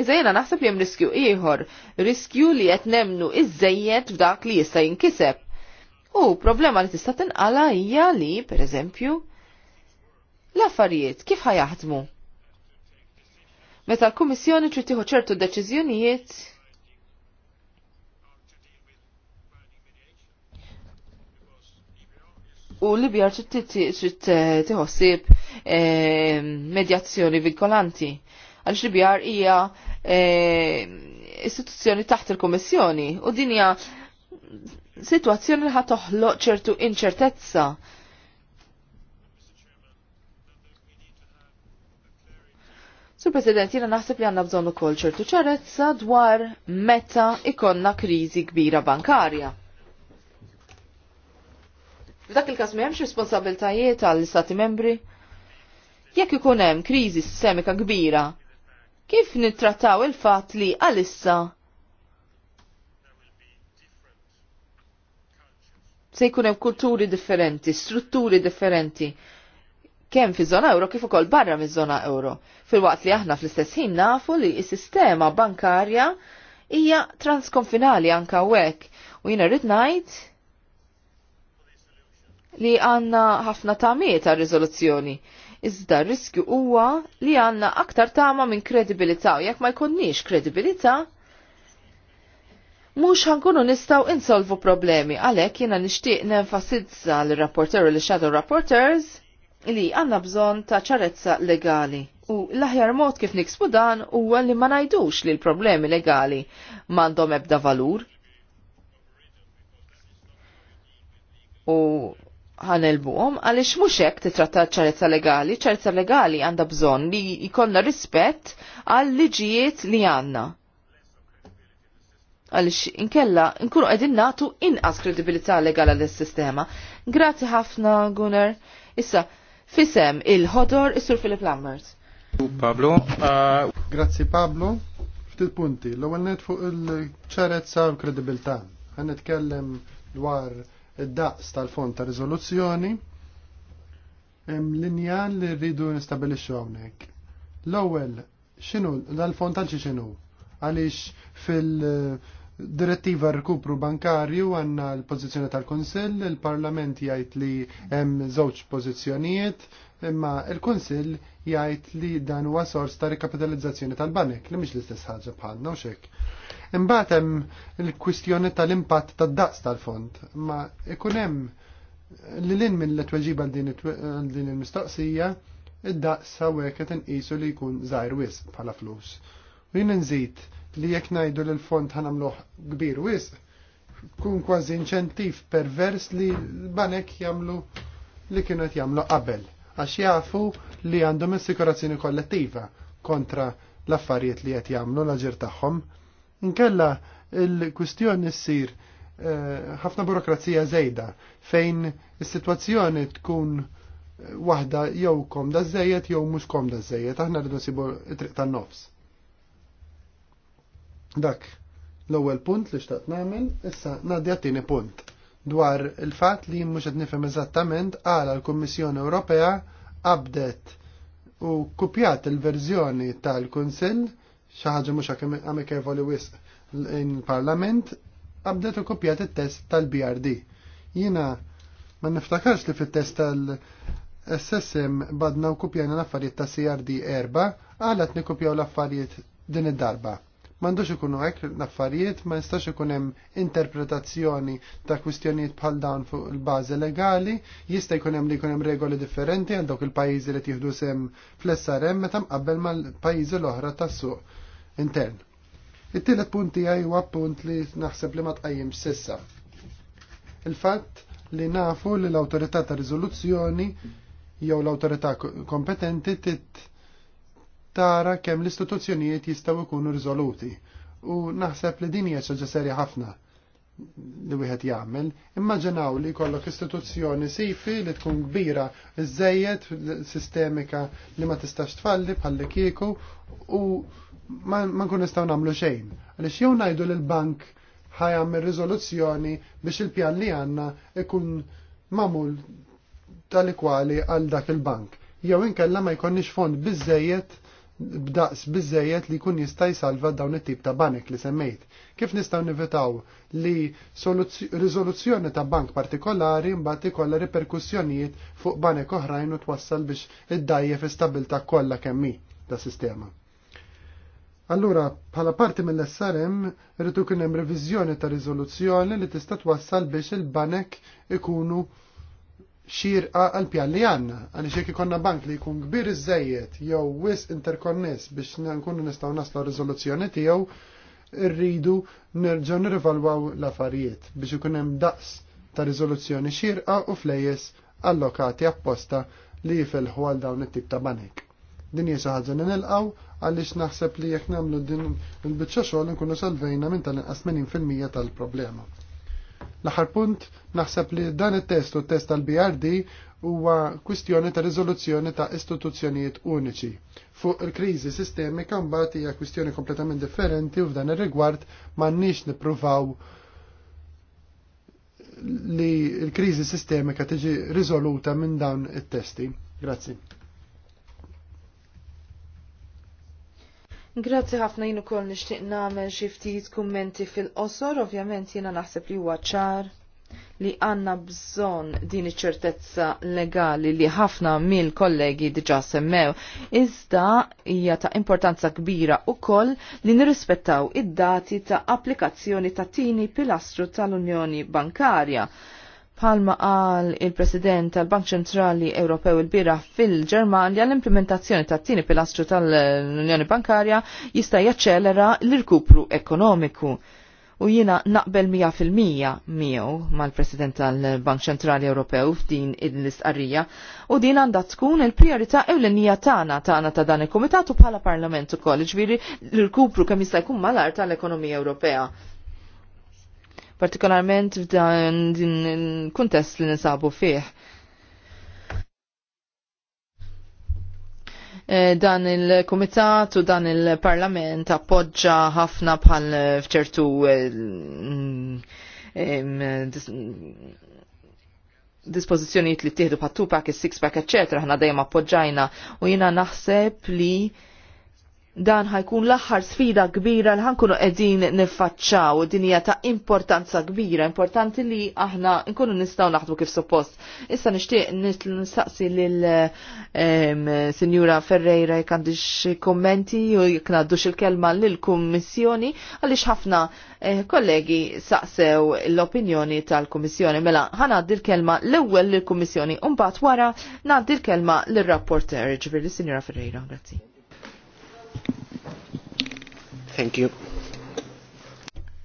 Iżda jena naħseb li hemm riskju ieħor, riskju li qed nemnu iżejjed f'dak li jista' jinkiseb. U problema li tista' tinqala hija li, pereżempju, l-affarijiet kif ħajaħdmu? Meta l-Kummissjoni trid tieħu ċertu deċiżjonijiet u Libja trid tiħossib eh, medjazzjoni vinkolanti. Għaliex Libja hija eh, istituzzjoni taħt il-Kummissjoni u din hija sitwazzjoni li ħatoħloq ċertu inċertezza Sur President, jina naħseb li għanna bżonu kol ċertu ċarezza dwar meta ikonna krizi kbira bankarja. F'dak il-kas m'hemmx responsabiltajiet għall istati membri? Jekk ikun hemm kriżi sistemika kbira, kif nittrattaw il-fatt li għalissa se jkun hemm kulturi differenti, strutturi differenti, kemm fi żona euro kif ukoll barra miż-żona euro. Fil-waqt li aħna fl-istess ħin nafu li s-sistema bankarja hija transkonfinali anka wek u jiena rrid ngħid li għanna ħafna tamiet għal rizoluzzjoni. Iżda riskju huwa li għanna aktar tama minn kredibilità u jekk ma jkunniex kredibilità, mhux ħankunu nistgħu insolvu problemi għalhekk jiena nixtieq nenfasizza l rapporter u l shadow rapporters li għanna bżon ta' ċarezza legali. U l-aħjar mod kif niksbu dan huwa li ma najdux li l-problemi legali m'għandhom ebda valur. U ħanelbuhom għaliex mhux hekk titratta ċarezza legali, ċarezza legali għandha bżonn li jkollna rispett għal liġijiet li għandna. Għaliex inkella nkunu qegħdin nagħtu inqas kredibilità legali għall-sistema. Grazzi ħafna, Gunnar. Issa, fisem il-ħodor is-Sur Philip Lammers. Pablo. Uh... Grazzi Pablo. Ftit punti. L-ewwel net fuq il-ċarezza u l-kredibilità. Ħan nitkellem dwar id-daqs tal-fond ta' riżoluzzjoni. Hemm linja li rridu nistabilixxu hawnhekk. L-ewwel x'inhu l-fond tal xi x'inhu? Għaliex fil- uh, Direttiva rikupru bankarju għanna l-pozizjoni tal konsil il-Parlament jgħid li hemm żewġ pożizzjonijiet, imma il konsil jgħid li dan huwa sors ta' rikapitalizzazzjoni tal-banek li mhix l-istess ħaġa bħalna u xek. Imbagħad hemm il-kwistjoni tal-impatt tad-daqs tal-fond, ma ikun hemm li lin mill-tweġiba għal din il-mistoqsija, id-daqs hawnhekk qed inqisu li jkun żgħir wisq bħala flus. U jien nżid li jekk ngħidu li l-fond ħanamluh kbir wisq, kun kważi inċentiv pervers li banek jagħmlu li kienu qed jagħmlu qabel għax jafu li għandhom assikurazzjoni kollettiva kontra l-affarijiet li qed jagħmlu l-aġir tagħhom. Inkella il-kwistjoni ssir eh, ħafna burokrazija żejda fejn is-sitwazzjoni tkun waħda jew komda żejjed jew mhux komda żejjed, aħna rridu nsibu triq tan-nofs. Dak l-ewwel punt li xtaqt nagħmel, issa ngħaddi għat-tieni punt dwar il-fatt li mhux qed nifhem eżattament għala l-Kummissjoni Ewropea abdet u kupjat il-verżjoni tal-Kunsill xi ħaġa mhux amikevoli wisq il-Parlament abdet u kupjat it-test tal-BRD. Jiena ma niftakarx li fit-test tal-SSM badna u kupjana l-affarijiet ta' CRD erba' għalet nikkupjaw l-affarijiet din id-darba M'għandux ikunu hekk l-affarijiet ma jistax ikun hemm interpretazzjoni ta' kwistjonijiet bħal dawn fuq il-bażi legali, jista' jkun hemm li jkun hemm regoli differenti għal dawk il-pajjiżi li tiħdu sem fl-SRM meta mqabbel mal-pajjiżi l-oħra tas-suq intern. It-tielet punti għaj huwa punt li naħseb li ma tqajjimx sissa. Il-fatt li nafu li l-autorità ta' riżoluzzjoni jew l-autorità kompetenti tit tara kemm l-istituzzjonijiet jistgħu jkunu riżoluti u naħseb li din hija ċaġa serja ħafna li wieħed jagħmel, immaġinaw li jkollok istituzzjoni sifi li tkun kbira iżejjed sistemika li ma tistax tfalli bħalli kieku u ma nkun nistgħu nagħmlu xejn. Għaliex jew ngħidu l bank ħajam riżoluzzjoni biex il-pjan li għandna ikun mamul tal-ikwali għal dak il-bank. Jew inkella ma jkollniex fond biżejjed b'daqs biżejjed li jkun jista' jsalva dawn it-tip ta' banek li semmejt. Kif nistgħu nivitaw li riżoluzzjoni ta' bank partikolari mbagħad ikollha riperkussjonijiet fuq banek oħrajn u twassal biex iddajjef istabilta kollha kemm ta' sistema. Allura, bħala parti mill-SRM, rritu kien hemm reviżjoni ta' riżoluzzjoni li tista' twassal biex il-banek ikunu xirqa għal-pjan li għanna, għan xek ikonna bank li jkun kbir iżżejjed jew wis interkonness biex nkunu nistaw naslu rizoluzzjoni tiegħu rridu nerġgħu nirrivalwaw l-affarijiet biex ikun hemm daqs ta' riżoluzzjoni xirqa u flejjes allokati apposta li jifelħu għal dawn it-tip ta' banek. Din hija xi ħaġa nilqgħu għaliex naħseb li jekk nagħmlu din il-biċċa xogħol nkunu salvejna minn tal-inqas 80% tal-problema. L-aħħar punt naħseb li dan it-test u t-test tal-BRD huwa kwistjoni ta' riżoluzzjoni ta' istituzzjonijiet uniċi. Fuq il-kriżi sistemika mbagħad hija kwistjoni kompletament differenti u f'dan ir-rigward m'għandniex nippruvaw li l-kriżi sistemika tiġi riżoluta minn dawn it-testi. Grazzi. Grazzi ħafna jien ukoll nixtieq nagħmel xi ftit kummenti fil-qosor, ovvjament jiena naħseb li huwa ċar li għanna bżonn din iċ-ċertezza legali li ħafna mill-kollegi diġà semmew, iżda hija ta' importanza kbira koll li nirrispettaw id-dati ta' applikazzjoni ta' tini pilastru tal-Unjoni Bankarja Palma qal il-President tal-Bank Ċentrali Ewropew il-bira fil-Ġermanja l-implementazzjoni tat tieni pilastru tal-Unjoni Bankarja jista' jaċċelera l-irkupru ekonomiku. U jiena naqbel 100% miegħu mal-President tal-Bank Ċentrali Ewropew f'din l-istqarrija u din għandha tkun il-prijorità ewlenija tagħna tagħna ta' dan il-Kumitat u bħala Parlament ukoll, ġifieri l-irkupru kemm jista' jkun mal-art tal-ekonomija Ewropea partikolarment f'dan din il-kuntest li nisabu fih. E, dan il-Kumitat u dan il-Parlament appoġġa ħafna bħal fċertu e, e, dispozizjoniet li t-tihdu pa' tupak, il-six pack, eccetera, ħna dejjem appoġġajna u jina naħseb li dan ħajkun l-aħħar sfida kbira li ħankunu qegħdin niffaċċaw din hija ta' importanza kbira, importanti li aħna nkunu nistgħu naħdmu kif suppost. Issa nixtieq nistaqsi lil Sinjura Ferreira jekk għandix kommenti u jekk ngħaddux il-kelma lill-Kummissjoni għaliex ħafna eh, kollegi saqsew l-opinjoni tal-Kummissjoni. Mela ħanaddi l-kelma l-ewwel lill-Kummissjoni u mbagħad wara ngħaddi l-kelma lir-rapporter ġifieri Sinjura Ferreira. Grazie. Thank you.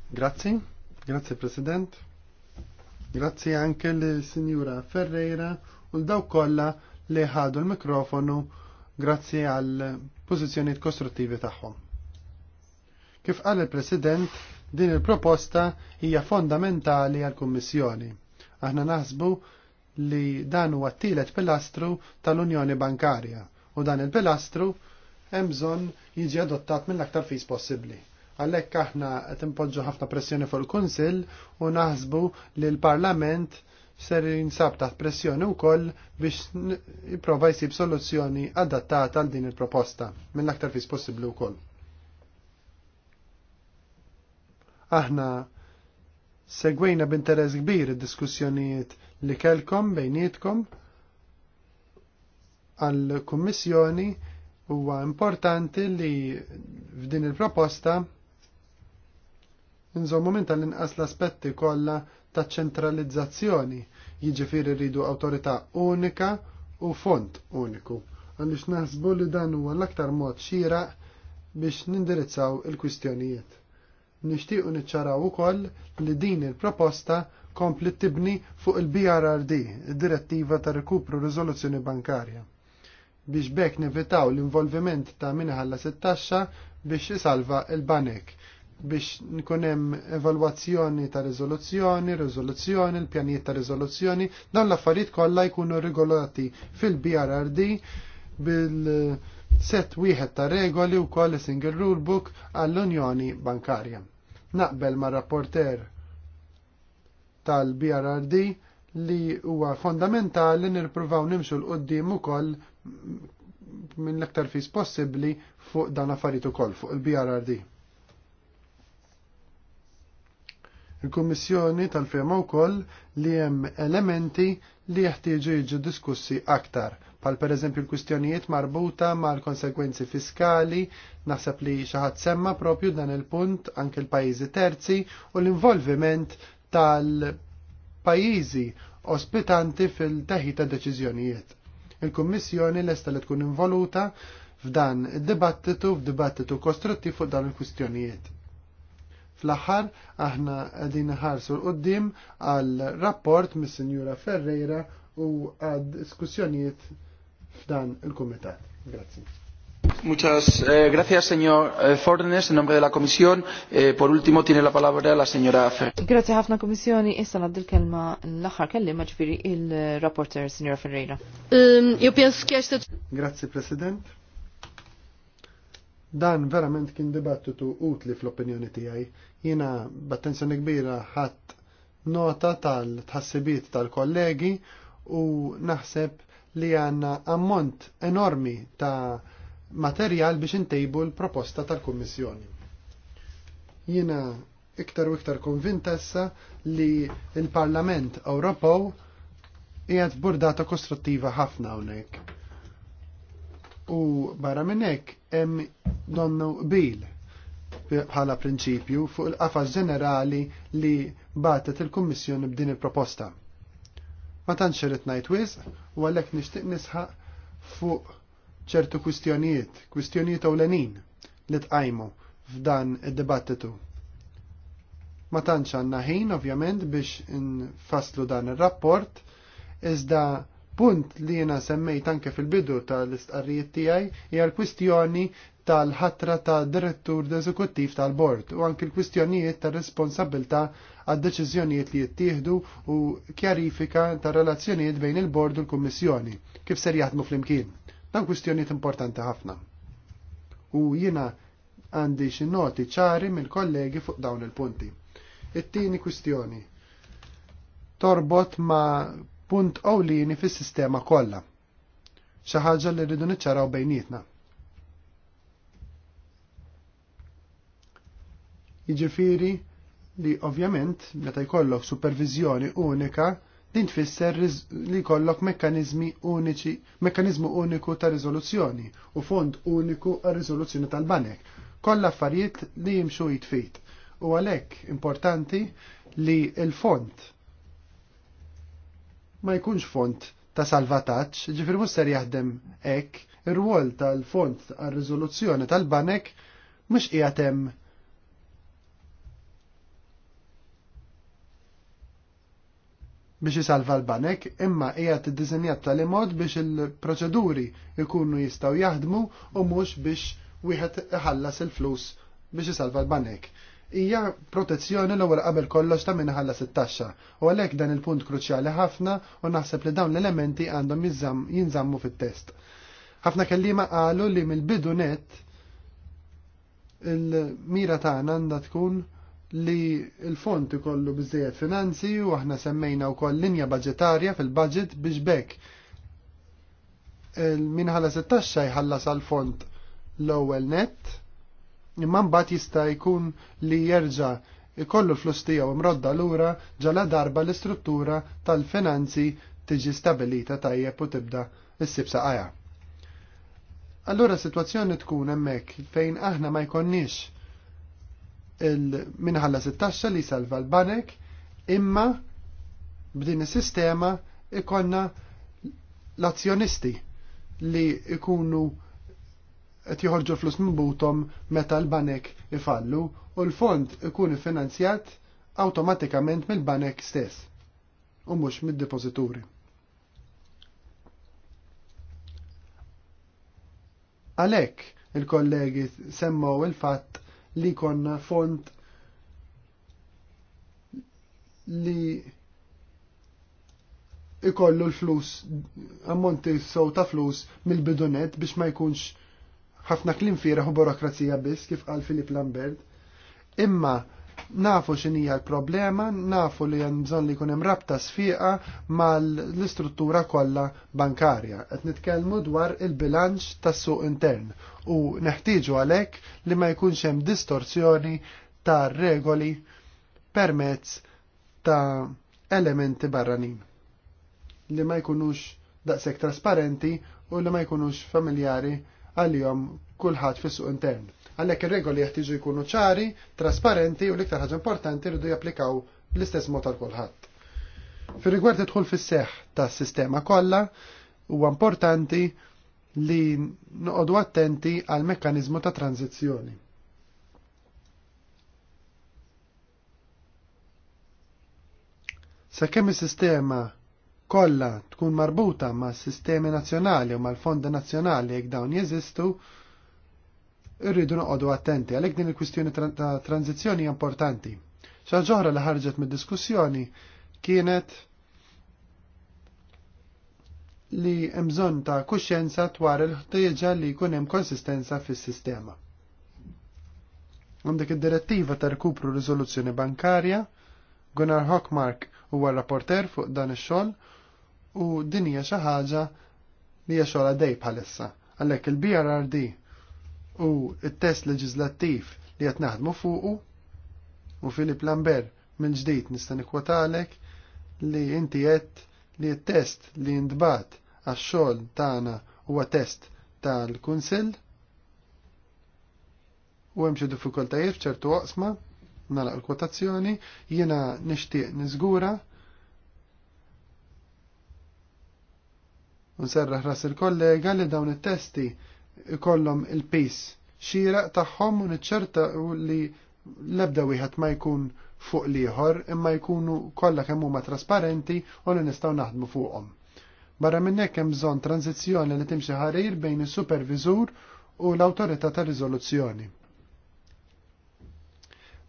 Grazie, grazie President. Grazie anche l signora Ferreira u l-daw kolla li ħadu l-mikrofonu grazzi għal pożizzjonijiet kostruttivi tagħhom. Kif qal il-President, din il-proposta hija fondamentali għall kummissjoni Aħna naħsbu li dan huwa t-tielet pilastru tal-Unjoni Bankarja u dan il-pilastru hemm bżonn jiġi adottat mill-aktar fis possibbli. Għalhekk aħna qed impoġġu ħafna pressjoni fuq il-Kunsill u naħsbu li l-Parlament ser jinsab taħt pressjoni wkoll biex jiprofa jsib soluzzjoni adattata għal din il-proposta mill-aktar fis possibbli wkoll. Aħna segwejna b'interess kbir id-diskussjonijiet li kelkom bejnietkom għall-Kummissjoni Huwa importanti li f'din il-proposta nżommu minn tal-inqas l-aspetti kollha ta' ċentralizzazzjoni, jiġifieri rridu awtorità unika u font uniku, għaliex naħsbu li dan huwa l-aktar mod xieraq biex nindirizzaw il-kwistjonijiet. Nixtiequ niċċaraw ukoll li din il-proposta kompli tibni fuq il-BRRD, id-Direttiva ta' Rekupru Riżoluzzjoni Bankarja biex bekk nevitaw l-involviment ta' minħalla 16 biex isalva il-banek biex nkunem evalwazzjoni ta' rizoluzzjoni, rizoluzzjoni, l-pjanijiet ta' rizoluzzjoni, dawn l-affarijiet kollha jkunu regolati fil-BRRD bil-set wieħed ta' regoli u koll single rulebook għall-Unjoni Bankarja. Naqbel ma' rapporter tal-BRRD li huwa fondamentali nirpruvaw nimxu l-qoddim ukoll minn l-aktar fis possibbli fuq dan affarijiet ukoll fuq il-BRRD. Il-Kummissjoni tal-fema wkoll li hemm elementi li jeħtieġu jiġu diskussi aktar, pal per eżempju l kwistjonijiet marbuta mal-konsekwenzi fiskali, naħseb li xaħat semma propju dan il-punt anke l-pajizi terzi u l-involviment tal-pajizi ospitanti fil-teħita deċiżjonijiet. Il-Kummissjoni lesta li tkun involuta f'dan id-dibattitu f'dibattitu kostruttiv fuq dan il-kwistjonijiet. Fl-aħħar aħna qegħdin ħarsu l-qoddim għal rapport mis-Sinjura Ferreira u għad diskussjonijiet f'dan il-Kumitat. Grazzi. Muchas eh, gracias, señor eh, Fornes, en nombre de la Comisión. Eh, por último, tiene la palabra la señora Ferreira. Grazie ħafna Komissjoni. Issa naddi l-kelma l-aħħar kellima ġifieri il-rapporter, signora Ferreira. Jo ehm, penso che esta... Gracias, presidente. Dan verament kien dibattitu utli fl-opinjoni tiegħi. Jiena b'attenzjoni kbira ħadd nota tal-tħassibiet tal-kollegi u naħseb li għanna ammont enormi ta' materjal biex intejbu l-proposta tal-Kummissjoni. Jiena iktar u iktar konvinta issa li l-Parlament Ewropew qiegħed burdata kostruttiva ħafna hawnhekk. U barra minn hekk hemm donnu bil bħala prinċipju fuq il-qafas ġenerali li batet il-Kummissjoni b'din il-proposta. Ma tantx irid ngħid wisq u għalhekk nixtieq nisħaq fuq ċertu kwistjonijiet, kwistjonijiet ewlenin li tqajmu f'dan id-dibattitu. Ma tantx għandna ħin ovvjament biex nfasslu dan ir-rapport, iżda punt li jiena semmejt anke fil-bidu tal-istqarrijiet tiegħi hija l-kwistjoni tal-ħatra ta' direttur eżekuttiv tal-bord u anke l-kwistjonijiet ta' responsabilta għad deċiżjonijiet li jittieħdu u kjarifika ta' relazzjonijiet bejn il-bord u l-Kummissjoni kif ser jaħdmu fl-imkien. Dan kwistjoniet importanti ħafna. U jiena għandi xi noti ċari mill-kollegi fuq dawn il-punti. It-tieni kwistjoni torbot ma' punt ewlieni fis-sistema kollha. Xi ħaġa li rridu niċċaraw bejnietna. Jiġifieri li ovvjament meta jkollok supervizjoni unika din tfisser li kollok mekkanizmi uniċi, mekkanizmu uniku ta' riżoluzzjoni u fond uniku għal riżoluzzjoni tal-banek. Kollha affarijiet li jimxu jitfit. U għalhekk importanti li il-fond ma jkunx font ta' salvataċ, ġifir musser jaħdem ek, ir-rwol tal-font għal riżoluzzjoni tal-banek mhux qiegħed hemm biex isalva l-banek, imma hija tiddiżenjat tal-imod biex il-proċeduri ikunu jistaw jaħdmu u mhux biex wieħed iħallas il-flus biex isalva l-banek. Hija protezzjoni l-ewwel qabel kollox ta' minn ħallas it-taxxa u għalhekk dan il-punt kruċjali ħafna u naħseb li dawn l-elementi għandhom jinżammu fit-test. Ħafna kellima qalu li mill-bidu net il-mira tagħna għandha tkun li l-fond ikollu biżejjed finanzi u aħna semmejna wkoll linja budgetarja fil-budget biex bekk minħala 16 jħallas għal fond l-ewwel net imma mbagħad jista' jkun li jerġa' ikollu flus tiegħu imrodda lura ġala darba l-istruttura tal-finanzi tiġi stabilita tajjeb u tibda s-sibsa qajja. Allura situazzjoni tkun hemmhekk fejn aħna ma jkollniex minħalla 16 li salva l-banek imma b'din is-sistema ikonna l-azzjonisti li ikunu qed joħorġu flus minn butom meta l-banek ifallu u l-fond ikun finanzjat awtomatikament mill-banek stess u mhux mid-depożituri. Għalhekk il-kollegi semmow il-fatt li konna font li ikollu l-flus, ammonti sow ta' flus mill-bidunet biex ma jkunx ħafna klim firaħ u burokrazija biss kif qal Filip Lambert. Imma nafu x'inija l-problema, nafu li jenżon li jkun hemm rabta sfiqa mal-istruttura kollha bankarja. Qed nitkellmu dwar il-bilanċ tas-suq intern u neħtieġu għalhekk li ma jkunx hemm distorsjoni ta' regoli permezz ta' elementi barranin li ma jkunux daqshekk trasparenti u li ma jkunux familjari għalihom kulħadd fis-suq intern. Għalhekk ir-regoli jeħtieġu jkunu ċari, trasparenti u l-iktar ħaġa importanti rridu japplikaw bl-istess mod għal kulħadd. Fi rigward idħul fis-seħħ tas-sistema kollha, huwa importanti li noqogħdu attenti għal mekkaniżmu ta' tranzizzjoni. Sakemm is-sistema kollha tkun marbuta ma' sistemi nazzjonali u mal-fondi nazzjonali jekk dawn jeżistu, irridu noqogħdu attenti għalhekk din il-kwistjoni ta' tranzizzjoni importanti. Xa ġohra li ħarġet mid-diskussjoni kienet li hemm bżonn ta' kuxjenza dwar il-ħtieġa li jkun hemm konsistenza fis-sistema. Għandek id-direttiva ta' rikupru riżoluzzjoni bankarja, Gunnar Hockmark huwa rapporter fuq dan ix-xogħol u din hija xi ħaġa li hija xogħol għaddej bħalissa. Għalhekk il-BRRD u il-test leġizlattiv li qed naħdmu fuqu u Filip Lambert minn ġdid nista' nikkwotalek li inti qed li t-test li ndbat għax-xogħol tagħna huwa test tal-Kunsill u hemm xi diffikultajiet f'ċertu waqsma nagħlaq il-kwotazzjoni jiena nixtieq niżgura u nserraħ ras il-kollega li dawn it-testi ikollhom il-pis Xira tagħhom u niċċerta li l-ebda wieħed ma jkun fuq liħor imma jkunu kollha kemm huma trasparenti u li nistgħu naħdmu fuqhom. Barra minn hekk hemm bżonn tranzizzjoni li timxi ħarir bejn is-superviżur u l-awtorità ta' riżoluzzjoni.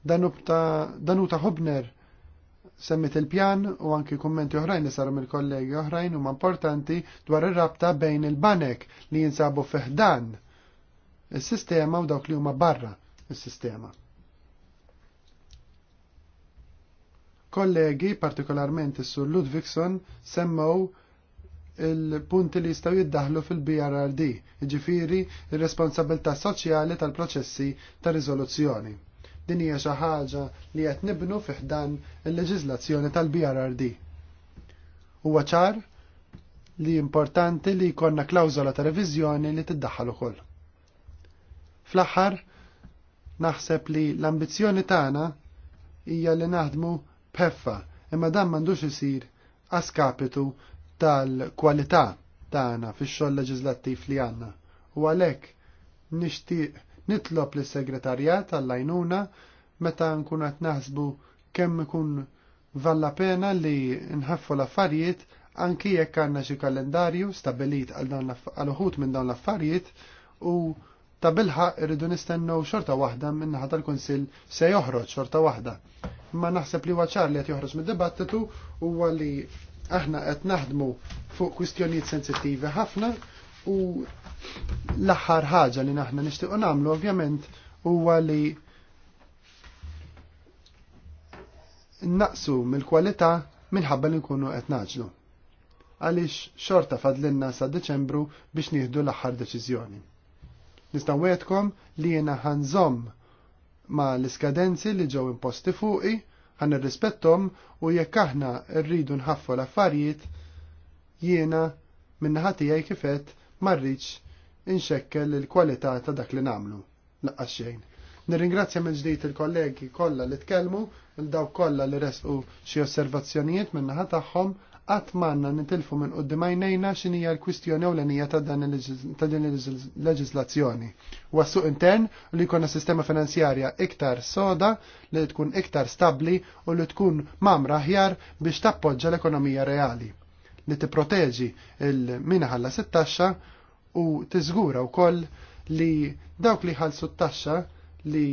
Danu ta' Hubner semmit il-pjan u anki kummenti oħrajn li saru mill-kollegi oħrajn huma importanti dwar ir-rabta bejn il-banek li jinsabu fiħdan il sistema u dawk li huma barra il sistema Kollegi, partikolarment is-Sur Ludvigson, semmew il-punti li jistaw jiddaħlu fil-BRRD, ġifiri il responsabilta soċjali tal-proċessi ta' rizoluzzjoni. Din hija xi ħaġa li qed nibnu fih dan il-leġiżlazzjoni tal-BRRD. Huwa ċar li importanti li jkollna klawżola ta' reviżjoni li tiddaħħal ukoll. Fl-aħħar, naħseb li l-ambizzjoni tagħna hija li naħdmu b'ħeffa, imma dan m'għandux isir għaskapitu tal-kwalità tagħna fix-xogħol leġislattiv li għandna. U għalhekk nixtieq Nitlob lis segretarjat għallajnuna għajnuna meta nkun qed naħsbu kemm ikun valla pena li nħaffu l-affarijiet anki jekk għandna xi kalendarju stabilit għal uħut minn dawn l-affarijiet u ta' irridu nistennew xorta waħda minn naħa tal-Kunsill se joħroġ xorta waħda. Ma naħseb li waċar li qed joħroġ mid-dibattitu huwa li aħna qed naħdmu fuq kwistjonijiet sensittivi ħafna U l-aħħar ħaġa li naħna nixtiequ nagħmlu ovvjament huwa li naqsu mill-kwalità minħabba li nkunu qed naġlu. Għaliex xorta fadlinna sa' Deċembru biex nieħdu l-aħħar deċiżjoni. Nistgħu wetkom li jiena ħanżomm ma' l-iskadenzi li ġew imposti fuqi, ħan irrispettom u jekk aħna rridu nħaffu l-affarijiet jiena minnaħa tiegħi kifet marriċ inxekkel il-kwalità ta' dak li namlu. Laqqas xejn. Nirringrazzja minn ġdijt il-kollegi kollha li tkellmu, il-daw kollha li resqu xi osservazzjonijiet min-naħa tagħhom qatt m'għandna nitilfu minn qudiem għajnejna x'inhija l-kwistjoni ewlenija ta' dan il-leġislazzjoni. Huwa suq intern li jkollna sistema finanzjarja iktar soda li tkun iktar stabbli u li tkun mamra aħjar biex tappoġġa l-ekonomija reali li tipproteġi il-mina ħalla 16 u tiżgura wkoll li dawk li ħallsu t-taxxa li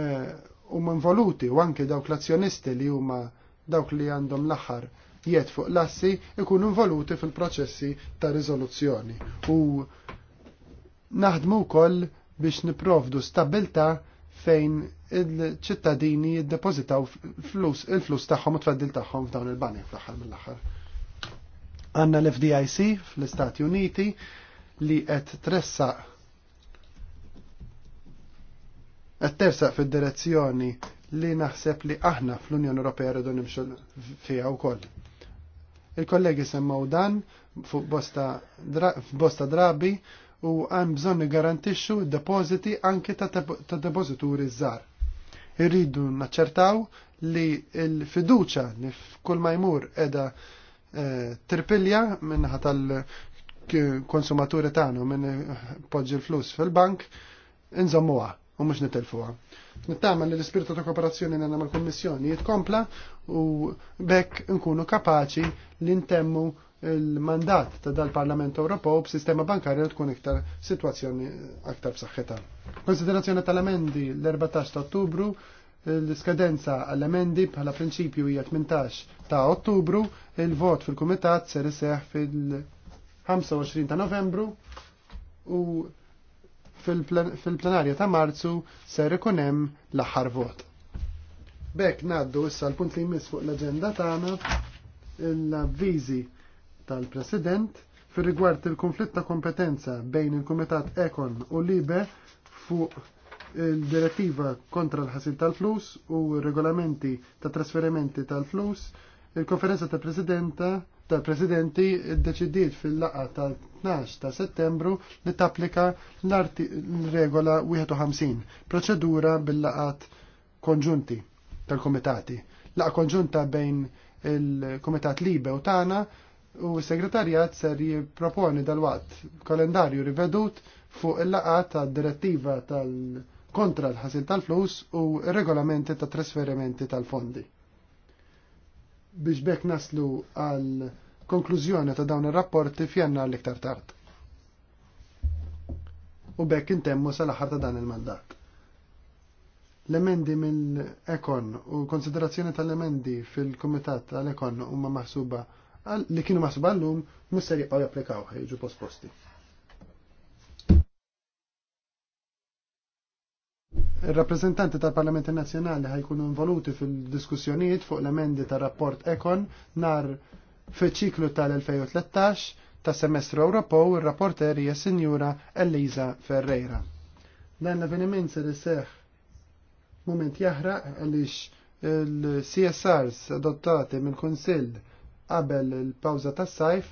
eh, huma involuti u anke dawk l-azzjonisti li huma dawk li għandhom l-aħħar jiet fuq l-assi ikunu involuti fil-proċessi ta' rizoluzzjoni. u naħdmu wkoll biex niprovdu stabilta' fejn il-ċittadini jiddepozitaw flus, il-flus tagħhom u tfaddil tagħhom f'dawn il-banek fl-aħħar mill-aħħar. Għandna l-FDIC fl-Istati Uniti li qed tressa qed tersaq fid-direzzjoni li naħseb li aħna fl-Unjoni Ewropea rridu nimxu fiha wkoll. Il-kollegi semmaw dan fuq bosta, bosta drabi u għan bżonni garantixxu depoziti depositi anke ta' depozituri żgħar. Irridu naċċertaw li l-fiduċa li f'kull ma jmur edha eh, tirpilja minnaħa tal-konsumaturi tagħna minn poġġi l-flus fil-bank inżommuha u mux nitelfuha. Nittama li l-ispirtu ta' kooperazzjoni li mal-Kommissjoni jitkompla u bekk nkunu kapaċi li ntemmu il-mandat ta' dal-Parlament Ewropew b'sistema bankarja tkun iktar sitwazzjoni aktar b'saħħitha. Konsiderazzjoni tal-emendi l-14 ta' Ottubru, l-iskadenza għall-emendi bħala prinċipju hija 18 ta' Ottubru, il-vot fil-Kumitat ser iseħħ fil-25 ta' Novembru u fil-plenarja ta' Marzu ser ikun hemm l-aħħar vot. Bek naddu issa l-punt li jmiss fuq l-aġenda tagħna l-avviżi tal-President fir rigward il-konflitt ta' kompetenza bejn il-Kumitat Ekon u Libe fuq il-direttiva kontra l-ħasil tal-flus u regolamenti ta' trasferimenti tal-flus, il-konferenza ta' presidenta tal-presidenti deċidiet fil-laqa ta' 12 ta' settembru li tapplika l-regola 51, proċedura bil-laqat konġunti tal-komitati. Laqa konġunta bejn il-komitat libe u tana u s-segretarjat ser jiproponi dal wat kalendarju rivedut fuq il-laqat ta' direttiva tal-kontra l-ħasil tal-flus u regolamenti ta' trasferimenti tal-fondi. Biex bekk naslu għal konklużjoni ta' dawn ir-rapporti fjanna l-iktar tard. U bekk intemmu sal-aħħar ta' dan il-mandat l-emendi mill-ekon u konsiderazzjoni tal-emendi fil-komitat tal-ekon huma maħsuba li kienu maħsuba llum mhux se japplikaw ħejġu posposti. Il-rappresentanti tal-Parlamenti Nazzjonali ħajkunu involuti fil diskussjoniet fuq l-emendi tar-rapport Ekon nar fiċ-ċiklu tal-2013 ta' semestru Ewropew ir-rapporter hija Sinjura Eliza Ferreira. Dan l-avveniment se seħ mument jaħraq għaliex il-CSRs adottati mill-Kunsill qabel il-pawza tas-sajf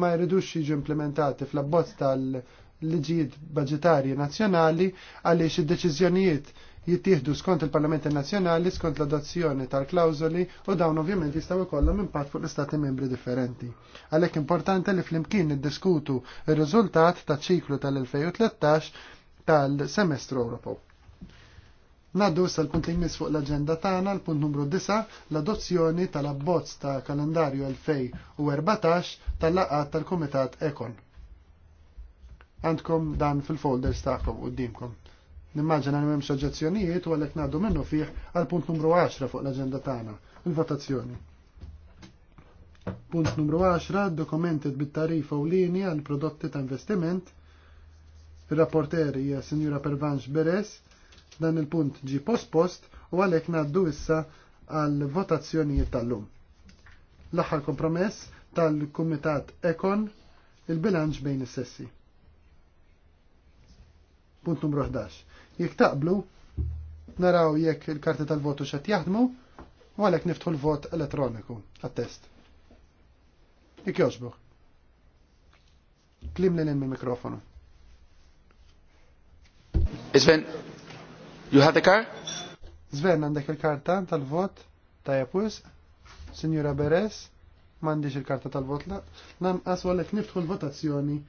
ma jridux jiġu implementati fl-abbozz tal-liġijiet budgetarji nazzjonali għaliex id-deċiżjonijiet jittieħdu skont il-Parlamenti Nazzjonali skont l-adozzjoni tal-klawżoli u dawn ovvjament jistgħu jkollhom impatt fuq l-istati membri differenti. Għalhekk importanti li flimkien niddiskutu r-riżultat taċ ċiklu tal-2013 tal-semestru Ewropew. Naddu issa l-punt li jmiss fuq l-agenda tagħna l-punt numru 9 l-adozzjoni tal-abbozz ta' kalendarju 2014 tal laqat tal-Kumitat Ekon. Għandkom dan fil-folders tagħkom quddiemkom. Nimmaġina li m'hemmx oġġezzjonijiet u għalhekk ngħaddu minnu fih għal punt numru 10 fuq l-aġenda tagħna, il-votazzjoni. Punt numru 10, dokumenti bit-tarifa u linja għal prodotti ta' investiment. Il-rapporteri hija Sinjura Pervanx Beres, dan il-punt ġi post-post u għalek naddu issa għal votazzjonijiet tal-lum. L-aħħar kompromess tal-Kumitat Ekon il-bilanċ bejn is-sessi. Punt numru 11. Jekk taqblu, naraw jekk il-karti tal-votu xed jaħdmu u għalhekk niftħu l-vot elettroniku għat-test. Jek joġbuħ. Klim li mill mikrofonu. Isven, You have the car? Zven, għandek il-karta tal-vot ta' pus, Signora Beres, mandiġ il-karta tal-vot la, nan aswalek niftħu l-votazzjoni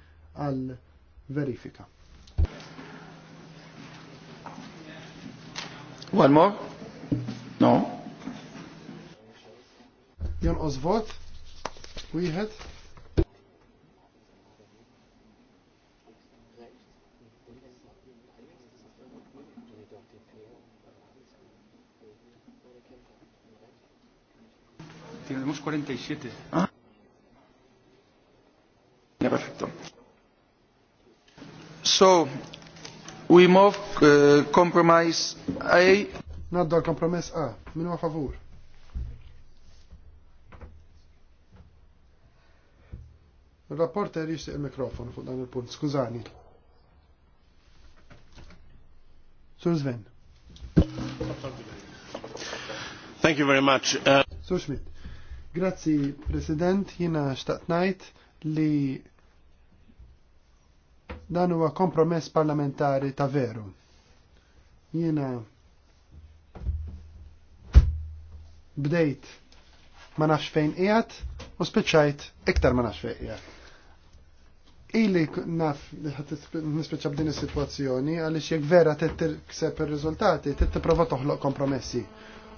għal-verifika. One more? No. Jon oż vot, wieħed. 37. Ah. Perfetto. So, we move uh, compromise A. Nadda l compromise A. Minu a favur. Il-rapporter jishtiq il-mikrofon fuq dan il-punt. Skużani. Sur Sven. Thank you very much. Uh... Sur Schmidt. Grazzi, President, jina xtaqtnajt li dan huwa kompromess parlamentari ta' veru. Jina bdejt ma nafx fejn qiegħed u spiċċajt iktar ma nafx fejn qiegħed. Ili naf li nispiċċa b'din is-sitwazzjoni għaliex jekk vera trid ir-riżultati trid tipprova toħloq kompromessi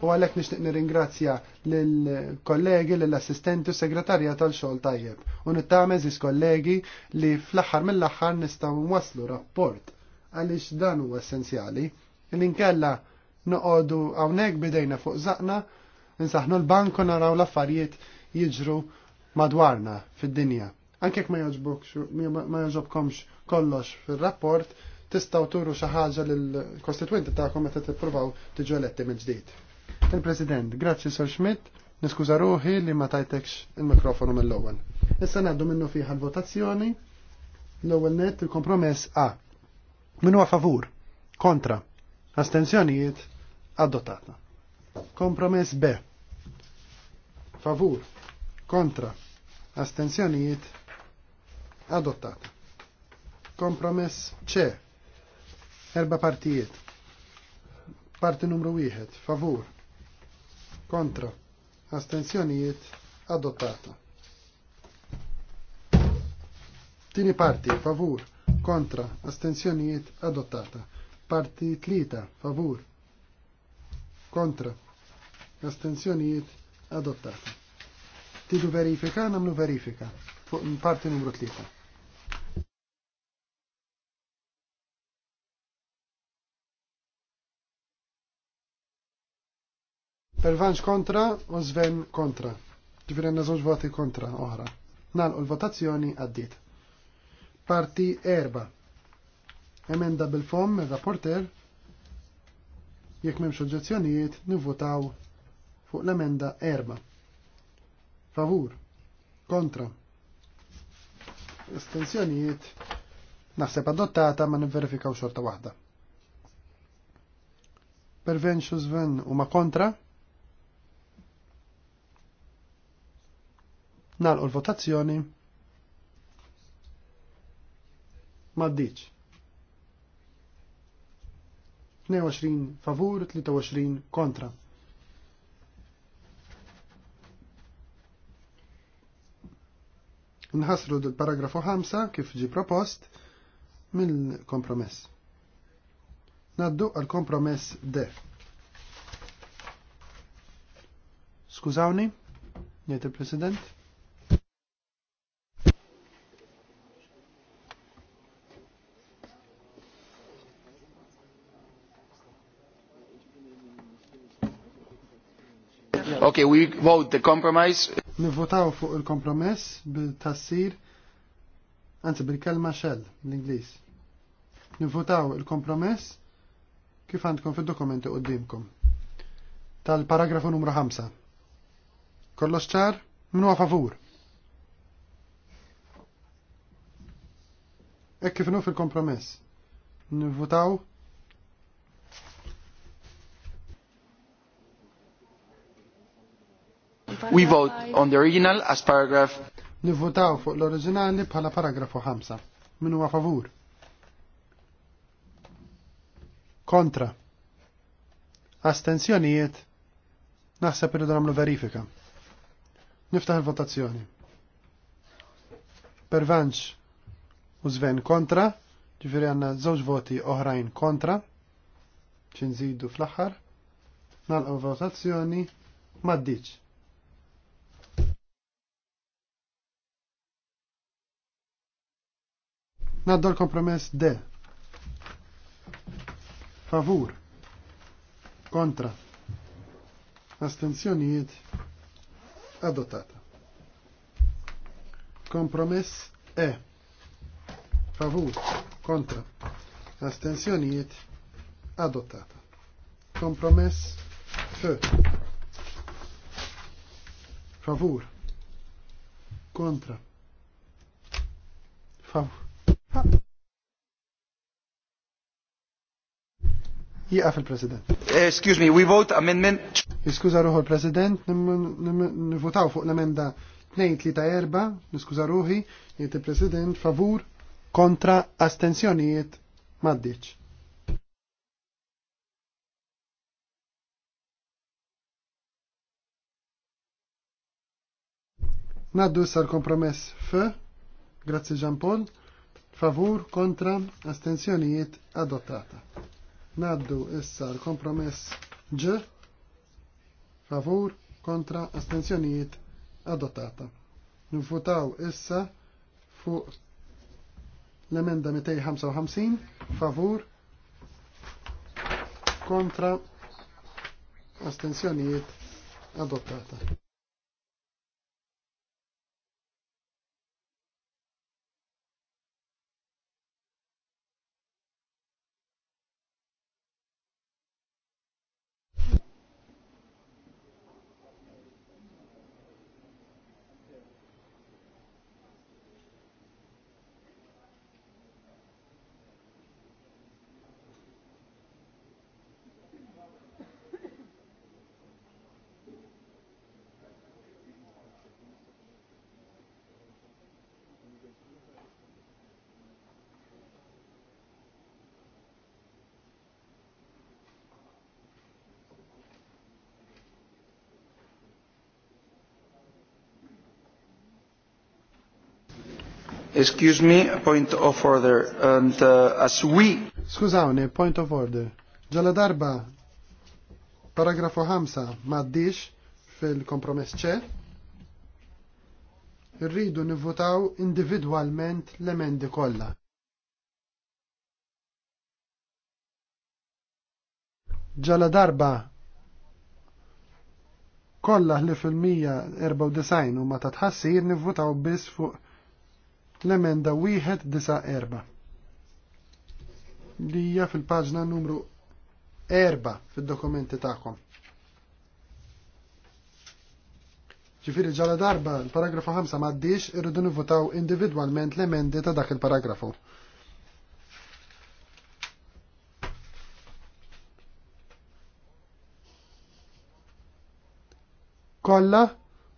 u għalhekk nixtieq nirringrazzja lill-kollegi, lill-assistenti u segretarja tal-xogħol tajjeb. U nittameż iż kollegi li fl-aħħar mill-aħħar nistgħu nwasslu rapport għaliex dan huwa essenzjali. L-inkella noqogħdu hawnhekk bidejna fuq zaqna, nsaħnu l banku naraw l-affarijiet jiġru madwarna fid-dinja. Anke ma ma jogħġobkomx kollox fir-rapport, tistaw turu xi ħaġa lill-kostitwenti tagħkom meta tippruvaw tiġu ġoletti mill-ġdid. Il-President, grazzi Sir Schmidt, niskuża ruħi li ma tajtekx il-mikrofonu mill-ewwel. Issa naddu minnu fiħa l-votazzjoni l-ewwel net il-kompromess A. Min huwa favur, kontra, astenzjonijiet adottata. Kompromess B. Favur, kontra, astenzjonijiet adottata. Kompromess C. Erba partijiet. Parti numru wieħed, favur, kontra astenzjonijiet adottata. Tini parti, favur, kontra, astenzjonijiet adottata. Parti tlita, favur, kontra, astenzjonijiet adottata. Tidu verifika, namlu verifika. Parti numru tlita. Pervanċ kontra u Sven kontra. Ġifiri għanna zoġ voti kontra oħra. u l-votazzjoni għaddit. Parti erba. Emenda bil-fom, me rapporter Jekk memx oġġezzjonijiet, nivvotaw fuq l-emenda erba. Favur. Kontra. Estensjonijiet. Naħseb adottata ma nivverifikaw xorta waħda. Pervenċu Sven u ma kontra. Nalqu l-votazzjoni. Maddiċ. 22 favur, 23 kontra. Nħasru d-paragrafu 5 kif ġi propost mill-kompromess. Naddu għal-kompromess D. Skużawni, jgħet il-President. Okay, we vote the compromise. Nivvotaw fuq il-kompromess bil-tassir, anzi bil-kelma shell l inglis Nivvotaw il-kompromess kif għandkom fil-dokumenti qoddimkom. Tal-paragrafu numru 5. Kollox ċar? Minu favur. Ek kif fil-kompromess. Nivvotaw We vote on the original as paragraph. Nivvotaw fuq l originali bħala paragrafu 5. Min huwa favur? Kontra. Astenzjonijiet. Naħseb irridu nagħmlu verifika. Niftaħ il-votazzjoni. Pervanċ u Zven kontra, ġifieri għandna żewġ voti oħrajn kontra, ċinżidu fl-aħħar, nalqgħu votazzjoni, maddiċ. Naddu l-kompromess D. Favur. Kontra. Astenzjonijiet. Adottata. Kompromess E. Favur. Kontra. Astenzjonijiet. Adottata. Kompromess F. Favur. Kontra. Favur. Jieqaf il-President. Eh, excuse me, we vote amendment. Iskuza ruħu il-President, nivvotaw fuq l-emenda 2-3-4, niskuza ruħi, jiet il-President, favur, kontra, astensjonijiet, maddiċ. Naddu issa l-kompromess F, grazzi Jean-Paul, favur, kontra, astensjonijiet, adottata. Naddu issa l-kompromess ġ favur kontra astenzjonijiet adottata. Nifutaw issa fuq l-emenda 255 favur kontra astenzjonijiet adottata. Excuse me, point of order. And uh, as we... Skużawni, point of order. Ġala darba, paragrafu 5 maddix fil-kompromess ċe. Irridu nivvotaw individualment l-emendi kollha. Ġala darba kolla li fil-194 u ma tatħassir tħassir nivvotaw biss fuq l-emenda 194 li hija fil-paġna numru 4 fid-dokumenti tagħkom. Ġifieri ġala darba l-paragrafu 5 m'għaddix irridu nivvotaw individwalment l-emendi ta' dak il-paragrafu. Kolla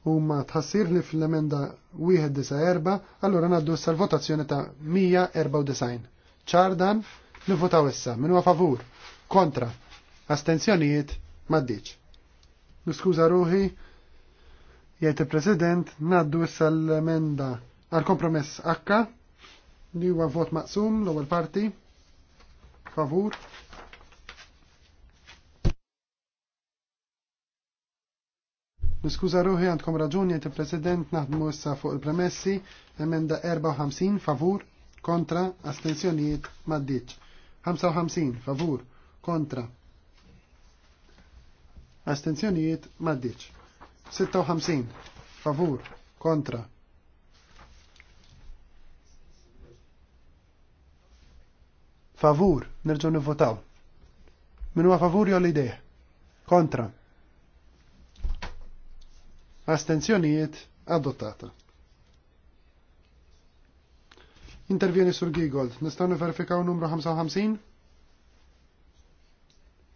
u ma tħassir li fl-emenda 194, allora naddu sa l-votazzjoni ta' 194. ċardan nivvotaw issa, minn huwa favur, kontra, astenzjonijiet, maddiċ. Niskuża ruħi, jgħid il-President naddu issa l-emenda għal kompromess H li huwa vot maqsum l-ewwel parti favur Niskuża ruħi għandkom raġuni il president naħdmu issa fuq il-premessi emenda 54 favur kontra astensjonijiet maddiċ. 55 favur kontra astensjonijiet maddiċ. 56 favur kontra Favur, nerġu nivvotaw. Minu a favur jo l-ideh. Kontra. Astenzjonijiet adottata. Intervjeni sur Gigold. Nistaw niverifikaw numru 55?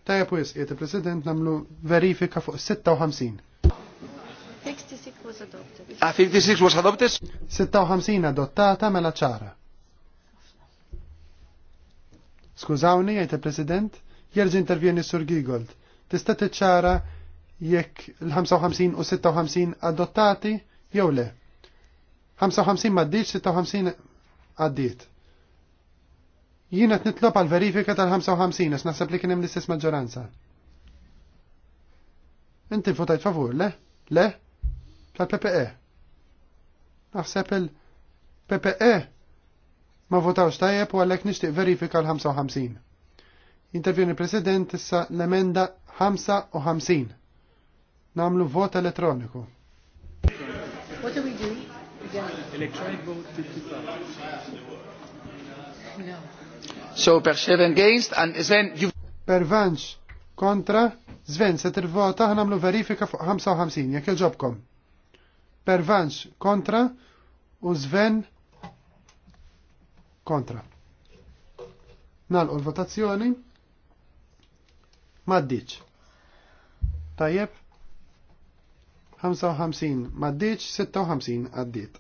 Tajja pwis, jiet il-President namlu verifika fuq 56. 56 was adopted. Ah, 56 was adopted? 56 adottata mela ċara. Skużawni, jgħid il-President, jerġi intervjeni sur Gigold. Tista' ċara jekk l 55 u 56 adottati jew le. 55 maddiċ, 56 għaddiet. Jiena nitlob għal verifika tal-55, għas naħseb li kien hemm l-istess maġġoranza. Inti votajt favur, le? Le? Tal-PPE. Naħseb il-PPE ma votawx tajjeb u għalhekk nixtieq verifika l-55. Intervjuni President issa l-emenda 55 namlu vot elettroniku. What do we do? Electronic vote No. So per seven against and then you... Per vanch kontra Zven se tirvota ħnamlu verifika fuq 55 jekk il-ġobkom. Per vanch kontra u Zven kontra. Nalqu l-votazzjoni. Maddiċ. Tajjeb. 55 maddiċ, 56 għaddit.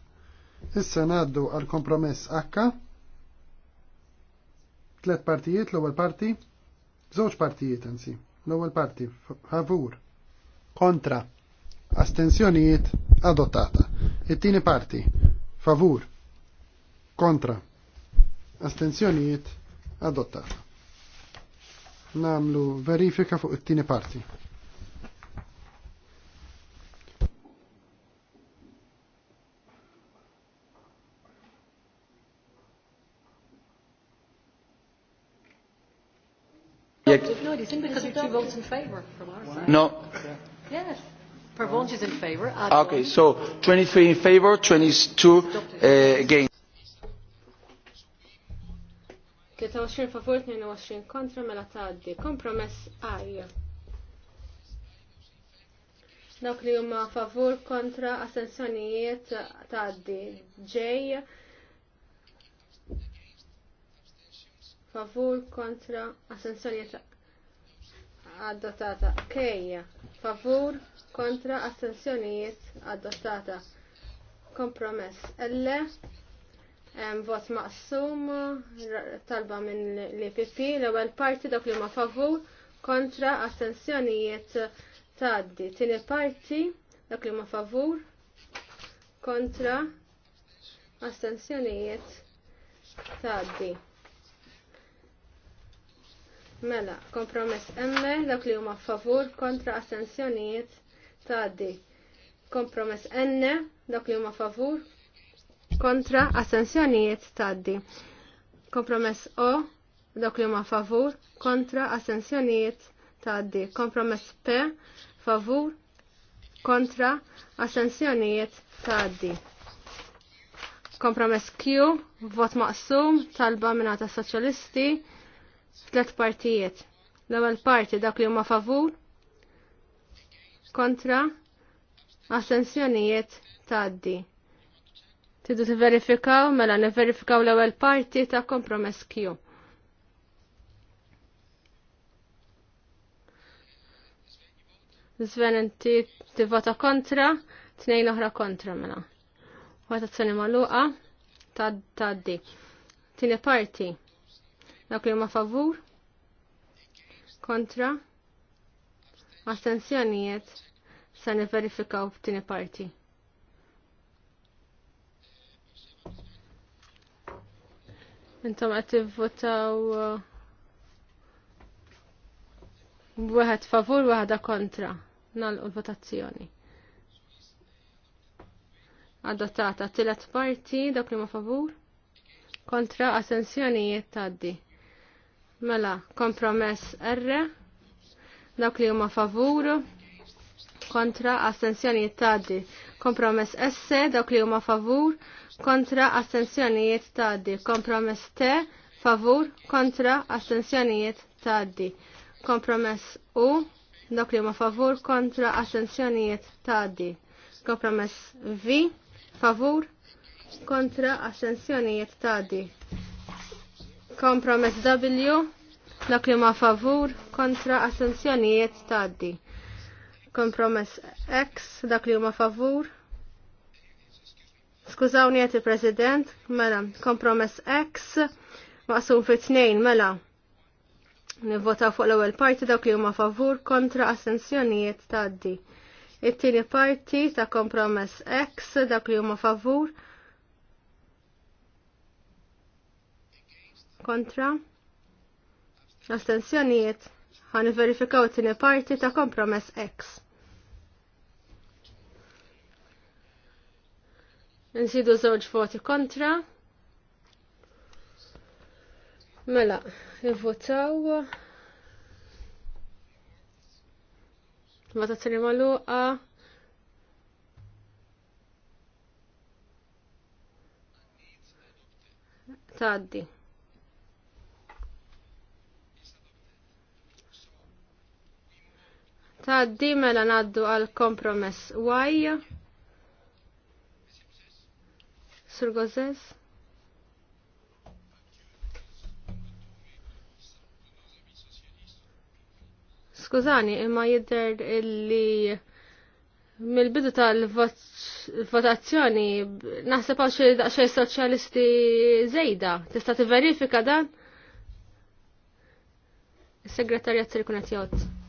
Issa naddu għal kompromess H. Tlet partijiet, l-ewwel parti, żewġ partijiet anzi, l-ewwel parti favur, kontra, astensjonijiet adottata. It-tieni parti, favur, kontra, astensjonijiet adottata. Namlu verifika fuq it-tieni parti. reason? Because we two votes in favour from our side. No. Yes. vote is in favour. Ah, okay, so 23 in favour, 22 uh, against. 23 favur, kontra, mela taddi. Kompromess għaj. Dawk li huma favur kontra taddi. J. Favur kontra assenzjonijiet adottata K favur kontra astensjonijiet adottata kompromess L hemm vot maqsum talba minn l-IPP l-ewwel parti dak li ma favur kontra astensjonijiet taddi tieni parti dak li ma favur kontra astensjonijiet taddi Mela, kompromess M, dak li huma favur kontra assenzjonijiet di. Kompromess N, dak li huma favur kontra assenzjonijiet di. Kompromess O, dak li huma favur kontra assenzjonijiet di. Kompromess P, favur kontra assenzjonijiet di. Kompromess Q, vot maqsum, talba minata soċjalisti, tlet partijiet. L-ewwel parti dak li huma favur kontra assenzjonijiet tgħaddi. Tidu tiverifikaw mela niverifikaw l-ewwel parti ta' kompromess Q. Zven inti tivvota kontra, tnejn oħra kontra mela. Wata t-sani maluqa, taddi. Tini parti. Dak li huma favur? Kontra? Astenzjonijiet se niverifikaw f'tini parti. Intom qed tivvotaw uh, Wieħed favur, waħda kontra. Nalqu l-votazzjoni. Adottata tielet parti, dak li ma favur. Kontra astensjonijiet tgħaddi. Mela, kompromess R, dawk li huma favur, kontra astensjonijiet tadi. Kompromess S, dawk li huma favur, kontra astensjonijiet tadi. Kompromess T, favur, kontra astensjonijiet tadi. Kompromess U, dawk li huma favur, kontra astensjonijiet tadi. Kompromess V, favur, kontra astensjonijiet taddi. Kompromess W, dak li ma favur kontra assenzjonijiet taddi. Kompromess X, dak li ma favur. Skużawni għet il-President, mela, kompromess X, maqsum fi tnejn, mela. Nivvota fuq l-ewwel parti dak li huma favur kontra assenzjonijiet taddi. It-tieni parti ta' kompromess X dak li huma favur kontra astensjonijiet ħan verifikaw tini parti ta' kompromess X. Nsidu żewġ voti kontra. Mela, nivvotaw. Votazzjoni maluqa. Taddi. Taddi mela naddu għal kompromess Why? Sur Gozes. Skużani, imma jidher illi mill-bidu tal-votazzjoni naħseb għal xi soċjalisti żejda. Tista' tiverifika dan? Is-segretarjat se jkun qed jgħod.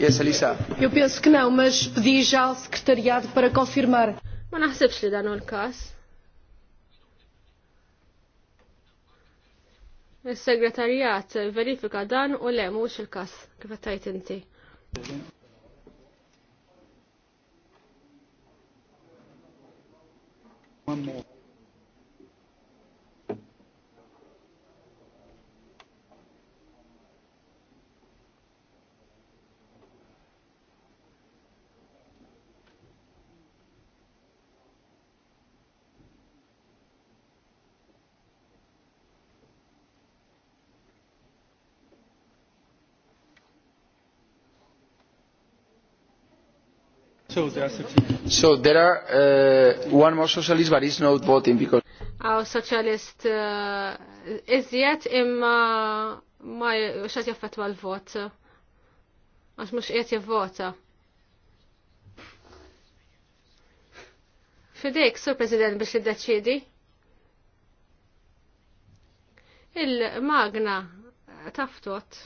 Jes, Elisa. Jo pjens knew, não, mas sekretarjat já ao para confirmar. Ma naħsibx li dan il-każ. Is-segretarjat verifika dan u le mhux il-każ kif qed inti. One more. So there are, so there are uh, one more socialist but is not voting because Our socialist uh, is yet imma ma xat jaffetwa l-vot għax mux qiet jivvota. Fidejk, Sur President, biex iddeċidi. Il-magna taftot.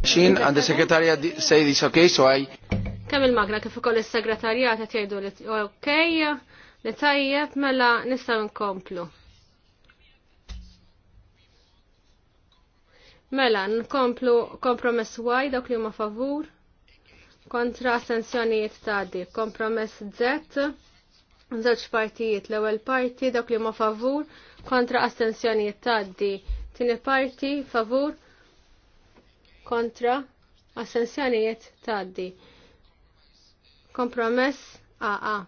Machine and the secretariat say this okay, so I Kemm il-magna kif ukoll is-segretarjat qed jgħidu li okej, li tajjeb mela nistgħu nkomplu. Mela, nkomplu kompromess Y dawk li huma favur kontra ta' di. Kompromess Z, żewġ partijiet, l-ewwel parti dawk li huma favur kontra astensjonijiet di. Tieni parti favur kontra astensjonijiet tadi. Kompromess AA.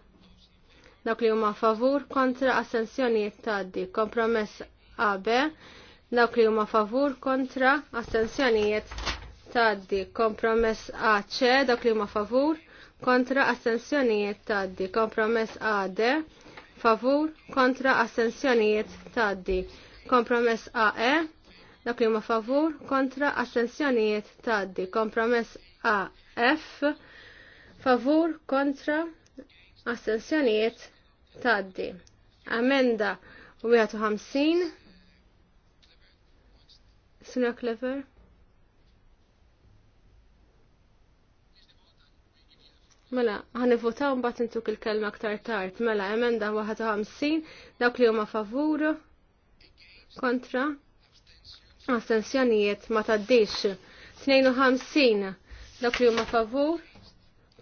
Dawk li huma favur kontra astensjonijiet tgħaddi. Kompromess AB. Dawk li huma favur kontra astensjonijiet tgħaddi. Kompromess AC. Dawk li huma favur kontra astensjonijiet tgħaddi. Kompromess AD. Favur kontra astensjonijiet tgħaddi. Kompromess AE dak li huma favur kontra astensjonijiet tgħaddi. Kompromess AF favur kontra astensjonijiet taddi. Amenda 151 Sina Clever Mela, ħanivotaw mbagħad intuk il-kelma aktar tard. Mela, emenda 51 dawk li huma favur kontra astensjonijiet ma taddix. 52 dawk li huma favur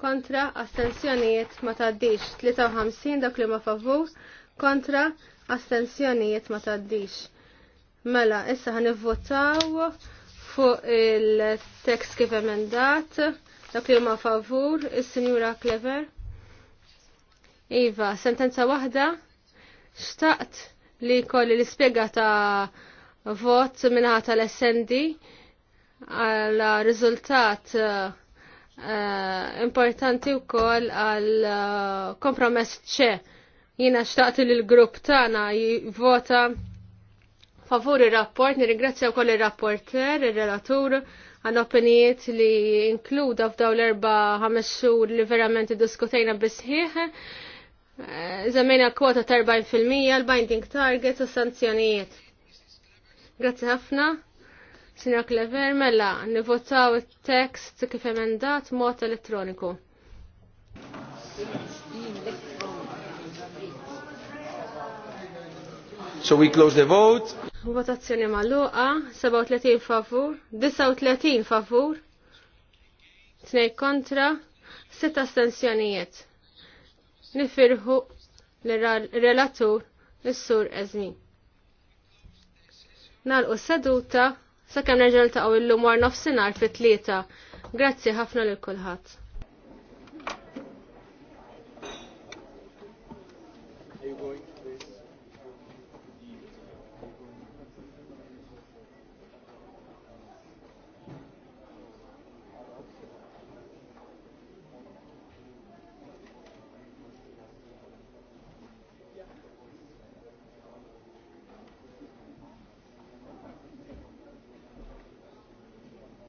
kontra astensjonijiet ma taddix 53 dak li ma favur kontra astensjonijiet ma taddix. Mela, issa ħan votaw fuq il-tekst kif emendat dak li ma favur is-Sinjura Clever. Iva, sentenza waħda xtaqt li koll l-ispjega ta' vot minna tal-SND għal riżultat uh, Eh, importanti wkoll għal eh, kompromess ċe. Jiena xtaqt li l-grupp tagħna jivvota favur ir-rapport, nirringrazzja wkoll ir-rapporter, ir-relatur għal opinijiet li inkluda f'daw l-erba ħames li verament iddiskutejna bisħieħ. Eh, Żammejna kwota ta' 40% l-binding target u sanzjonijiet. Grazzi ħafna. Sinja Klever, mela, nivotaw il-tekst kif emendat mod elettroniku. So we close the vote. Votazzjoni maluqa, 37 favur, 39 favur, 2 kontra, 6 astensjonijiet. Nifirħu l-relatur, l-sur Ezmi. Nalqu seduta Sakemm nerġa' ta' illum war nofsinhar fit-tlieta. Grazzi ħafna lil kulħadd.